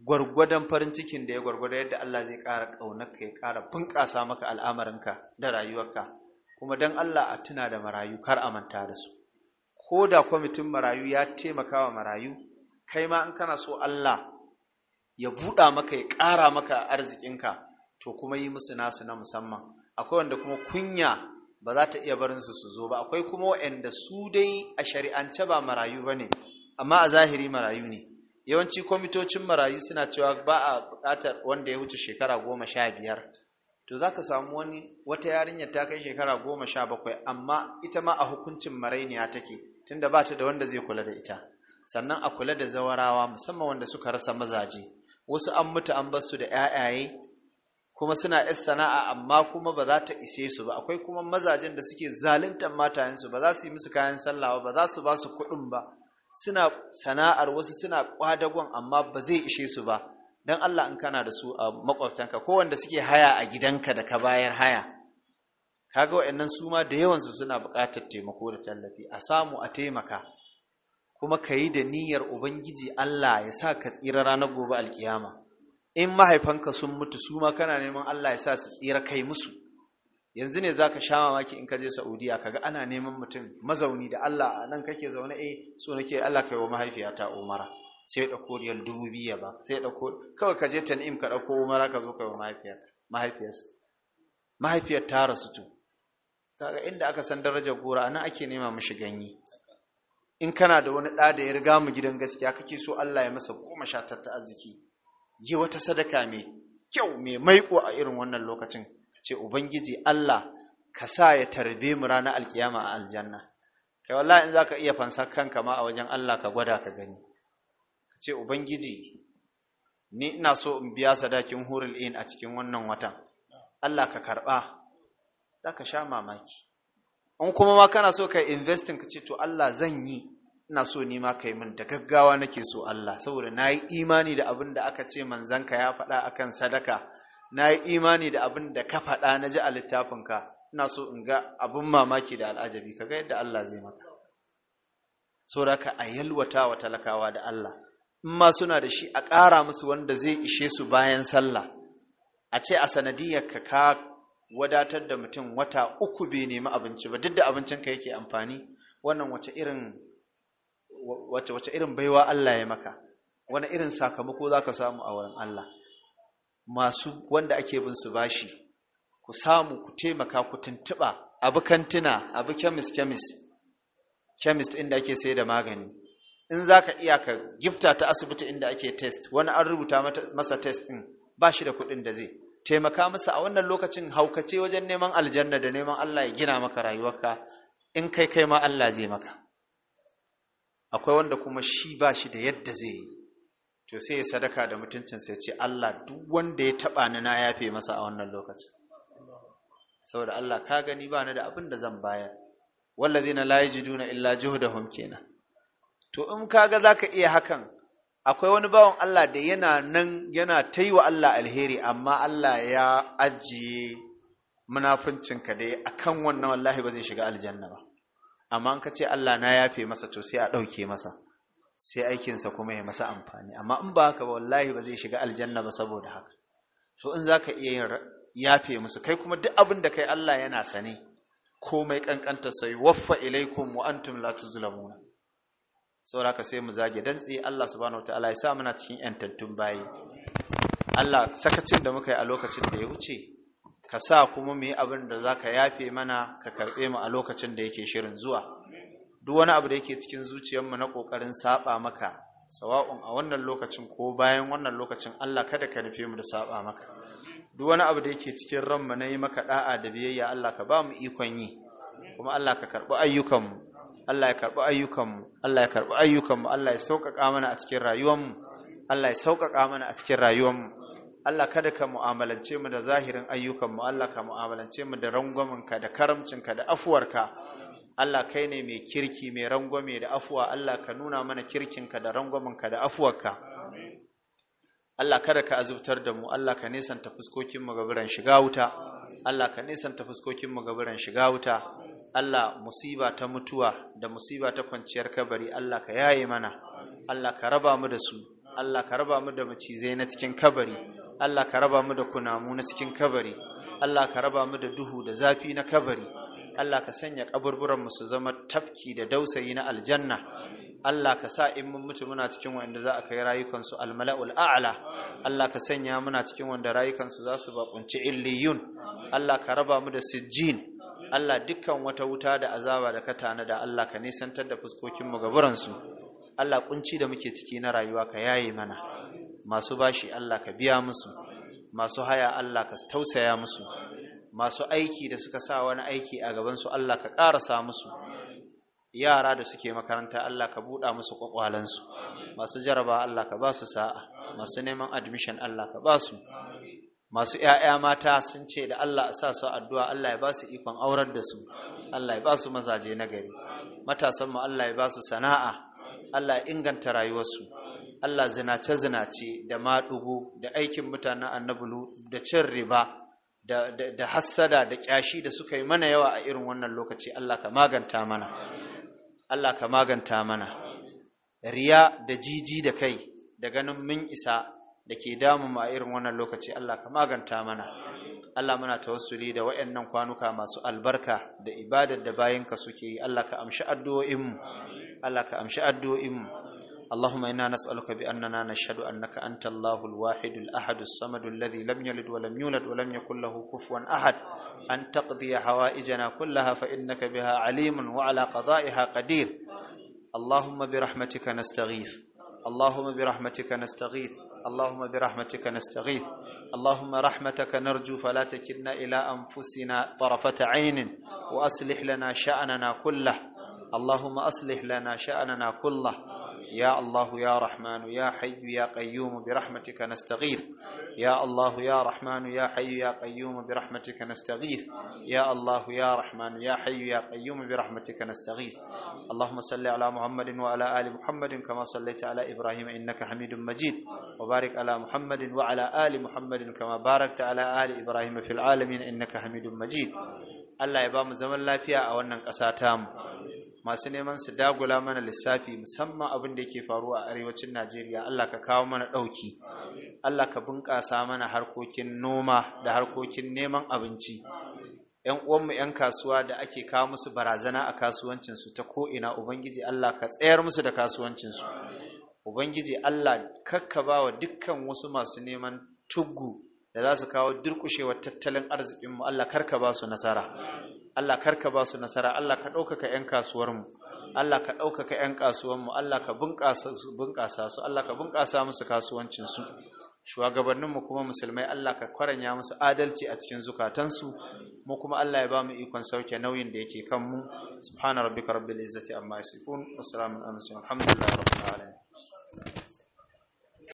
gwargwadon farin cikin da ya gwargwada yadda Allah zai ƙara ƙaunarka ya ƙara bunƙasa maka al'amarinka da rayuwarka kuma don Allah a tuna da marayu kar a manta da su ko da kwamitin marayu ya taimaka wa marayu kai ma in kana so Allah ya buɗa maka ya ƙara maka arzikinka to kuma yi musu nasu na musamman akwai wanda kuma kunya ba za ta iya barin su su zo ba akwai kuma waɗanda su dai a shari'ance ba marayu ba ne amma a zahiri marayu ne yawanci kwamitocin marayu suna cewa ba a buƙatar wanda ya wuce shekara goma sha biyar to za ka samu wani wata yarinyar ta kai shekara goma sha bakwai amma ita ma a hukuncin marainiya take tunda ba ta da wanda zai kula da ita sannan a kula da zawarawa musamman wanda suka rasa mazaje wasu an mutu an basu da 'ya'yaye kuma suna yan sana'a amma kuma ba za ta ise su ba akwai kuma mazajen da suke zaluntar matayensu ba za su yi musu kayan sallah ba za su ba su kuɗin ba suna sana'ar wasu suna kwadagon amma ba zai ishe su ba dan Allah in kana da su a makwabtanka ko wanda suke haya a gidanka da ka bayar haya kaga wayannan su ma da yawan su suna buƙatar taimako da tallafi a samu a taimaka kuma ka yi da niyyar ubangiji Allah ya sa ka tsira ranar gobe alkiyama in mahaifanka sun mutu su ma kana neman Allah ya sa su tsira kai musu yanzu ne zaka sha mamaki in ka je Saudiya kaga ana neman mutum mazauni da Allah nan kake zaune eh so nake Allah kai wa mahaifiyata Umara sai ya ɗauko dubu biya ba sai ya ɗauko kawai ka je tan'im ka ɗauko umara ka zo ka yi mahaifiyar mahaifiyarsa mahaifiyar ta rasu tu kaga inda aka san darajar gora anan ake nema mishi ganye in kana da wani ɗa da ya riga mu gidan gaskiya kake so Allah ya masa goma sha ta arziki yi wata sadaka mai kyau mai maiko a irin wannan lokacin ce ubangiji Allah ka sa ya tarbe mu ranar alkiyama a aljanna kai wallahi in zaka iya fansa kanka ma a wajen Allah ka gwada ka gani ce ubangiji ni ina so in biya sadakin hurul in a cikin wannan watan Allah ka karba za ka sha mamaki in kuma ma kana so ka investin ka ce to Allah zan yi ina so ni ma kai min da gaggawa nake so Allah saboda nayi imani da abin da aka ce manzanka ya faɗa akan sadaka nayi imani da abin da ka faɗa na ji a littafinka ina so in ga abin mamaki da al'ajabi kaga yadda Allah zai maka saboda ka a yalwata wa talakawa da Allah in ma suna da shi a ƙara musu wanda zai ishe su bayan sallah a ce a sanadiyar ka ka wadatar da mutum wata uku bai nemi abinci ba duk da abincin ka yake amfani wannan wace irin wace wace irin baiwa Allah ya maka wani irin sakamako zaka samu a wurin Allah masu wanda ake bin su bashi ku samu ku taimaka ku tuntuba abu kantina abu kemis kemis chemist inda ake sayar da magani in za ka iya ka gifta ta asibiti inda ake test wani an rubuta masa test ɗin ba shi da kuɗin da zai taimaka masa a wannan lokacin haukace wajen neman aljanna da neman Allah ya gina maka rayuwarka in kai kai ma Allah zai maka akwai wanda kuma shi ba shi da yadda zai yi to sai ya sadaka da mutuncin sai ce Allah duk wanda ya taɓa ni na yafe masa a wannan lokacin saboda Allah ka gani ba ni da abin da zan bayar wallazina la yajiduna illa juhdahum kenan to in kaga zaka iya hakan akwai wani bawan Allah da yana nan yana ta yi wa Allah alheri amma Allah ya ajiye munafuncinka dai akan wannan wallahi ba zai shiga aljanna ba amma in ka ce Allah na yafe masa to sai a ɗauke masa sai aikinsa kuma ya masa amfani amma in ba haka ba wallahi ba zai shiga aljanna ba saboda haka to in zaka iya yin yafe musu kai kuma duk abin da kai Allah yana sane komai kankanta sai waffa ilaikum wa antum la tuzlamuna sauraka sai mu zage dantse Allah subhanahu wataala ya sa muna cikin yantattun bayi Allah sakacin da muka yi a lokacin da ya wuce ka sa kuma mu yi abin da za ka yafe mana ka karɓe mu a lokacin da yake shirin zuwa duk wani abu da yake cikin mu na ƙoƙarin saɓa maka sawa'un a wannan lokacin ko bayan wannan lokacin Allah kada ka nufe mu da saɓa maka duk wani abu da yake cikin ranmu na yi maka ɗa'a da biyayya Allah ka ba mu ikon yi kuma Allah ka karɓi ayyukanmu Allah ya karɓi ayyukanmu Allah ya karɓi ayyukanmu Allah ya sauƙaƙa mana a cikin rayuwanmu, Allah ya sauƙaƙa mana a cikin rayuwanmu, Allah kada ka mu'amalance mu da zahirin ayyukanmu Allah ka mu'amalance mu da rangwaminka da karamcinka da afuwarka Allah kai ne mai kirki mai rangwame da afuwa Allah ka nuna mana kirkinka da rangwaminka da afuwarka Allah kada ka azubtar da mu Allah ka nisanta fuskokin ga biran shiga wuta Allah ka nisanta fuskokin ga biran shiga wuta Allah musiba ta mutuwa da musiba ta kwanciyar kabari Allah ka yaye mana Allah ka raba mu da su Allah ka raba mu da macizai na cikin kabari Allah ka raba mu da kunamu na cikin kabari Allah ka raba mu da duhu da zafi na kabari Allah ka sanya kaburburan mu su zama tafki da dausayi na aljanna Allah ka sa in mun mutu muna cikin wanda za a kai rayukansu almala'ul a'la Allah ka sanya muna cikin wanda rayukansu za su bakunci illiyun Allah ka raba mu da sijjin Allah dukkan wata wuta da azaba da ka tanada Allah ka nisantar da fuskokinmu ga buransu Allah kunci da muke ciki na rayuwa ka yaye mana masu bashi Allah ka biya musu masu haya Allah ka tausaya musu masu aiki da suka sa wani aiki a gabansu Allah ka ƙarasa musu yara da suke makaranta Allah ka buɗa musu ƙwaƙwalansu masu jaraba Allah ka ba su sa'a masu neman admission Allah ka ba su masu ‘ya'ya mata sun ce da Allah a sa su addu'a Allah ya ba su ikon aurar da su, Allah ya ba su mazaje na gari, matasanmu Allah ya ba su sana'a, Allah ya inganta rayuwarsu, Allah zinace-zinace da maɗugu da aikin mutanen annabulu da cin riba da, hassada da ƙyashi da suka yi mana yawa a irin wannan lokaci Allah ka maganta mana, ka maganta mana, riya da jiji da kai da ganin mun isa da ke damu ma irin wannan lokaci Allah ka maganta mana Allah muna tawassuli da wayannan kwanuka masu albarka da ibadar da bayinka suke yi Allah ka amshi addu'o'inmu Allah ka amshi addu'o'inmu اللهم إنا نسألك بأننا نشهد أنك أنت الله الواحد الأحد الصمد الذي لم يلد ولم يولد ولم يكن له كفوا أحد أن تقضي حوائجنا كلها فإنك بها عليم وعلى قضائها قدير اللهم برحمتك نستغيث اللهم برحمتك نستغيث اللهم برحمتك نستغيث اللهم رحمتك نرجو فلا تكلنا إلى أنفسنا طرفة عين وأصلح لنا شأننا كله اللهم أصلح لنا شأننا كله يا الله يا رحمن يا حي يا قيوم برحمتك نستغيث يا الله يا رحمن يا حي يا قيوم برحمتك نستغيث يا الله يا رحمن يا حي يا قيوم برحمتك نستغيث اللهم صل على محمد وعلى آل محمد كما صليت على إبراهيم إنك حميد مجيد وبارك على محمد وعلى آل محمد كما باركت على آل إبراهيم في العالمين إنك حميد مجيد الله يبارك زمن لا فيها أو أنك أساتام masu neman su dagula mana lissafi musamman abin da yake faruwa a arewacin Najeriya Allah ka kawo mana ɗauki Allah ka bunƙasa mana harkokin noma da harkokin neman abinci ‘yan uwanmu ‘yan kasuwa da ake kawo musu barazana a kasuwancinsu ta ko'ina Ubangiji Allah ka tsayar musu da kasuwancinsu Ubangiji Allah kakka ba wa dukkan wasu masu neman tuggu da za su kawo durƙushewar tattalin arzikinmu Allah karka ba su nasara Allah karka ba su nasara Allah ka ɗaukaka 'yan kasuwarmu Allah ka ɗaukaka 'yan kasuwarmu, Allah ka bunƙasa su Allah ka bunƙasa musu kasuwancinsu shugabanninmu kuma musulmai Allah ka kwaranya musu adalci a cikin zukatansu mu kuma Allah ya ba mu ikon sauke nauyin da yake kanmu subhana rabbika rabbil izzati amma yasifun wassalamu alaikum alhamdulillahi rabbil alamin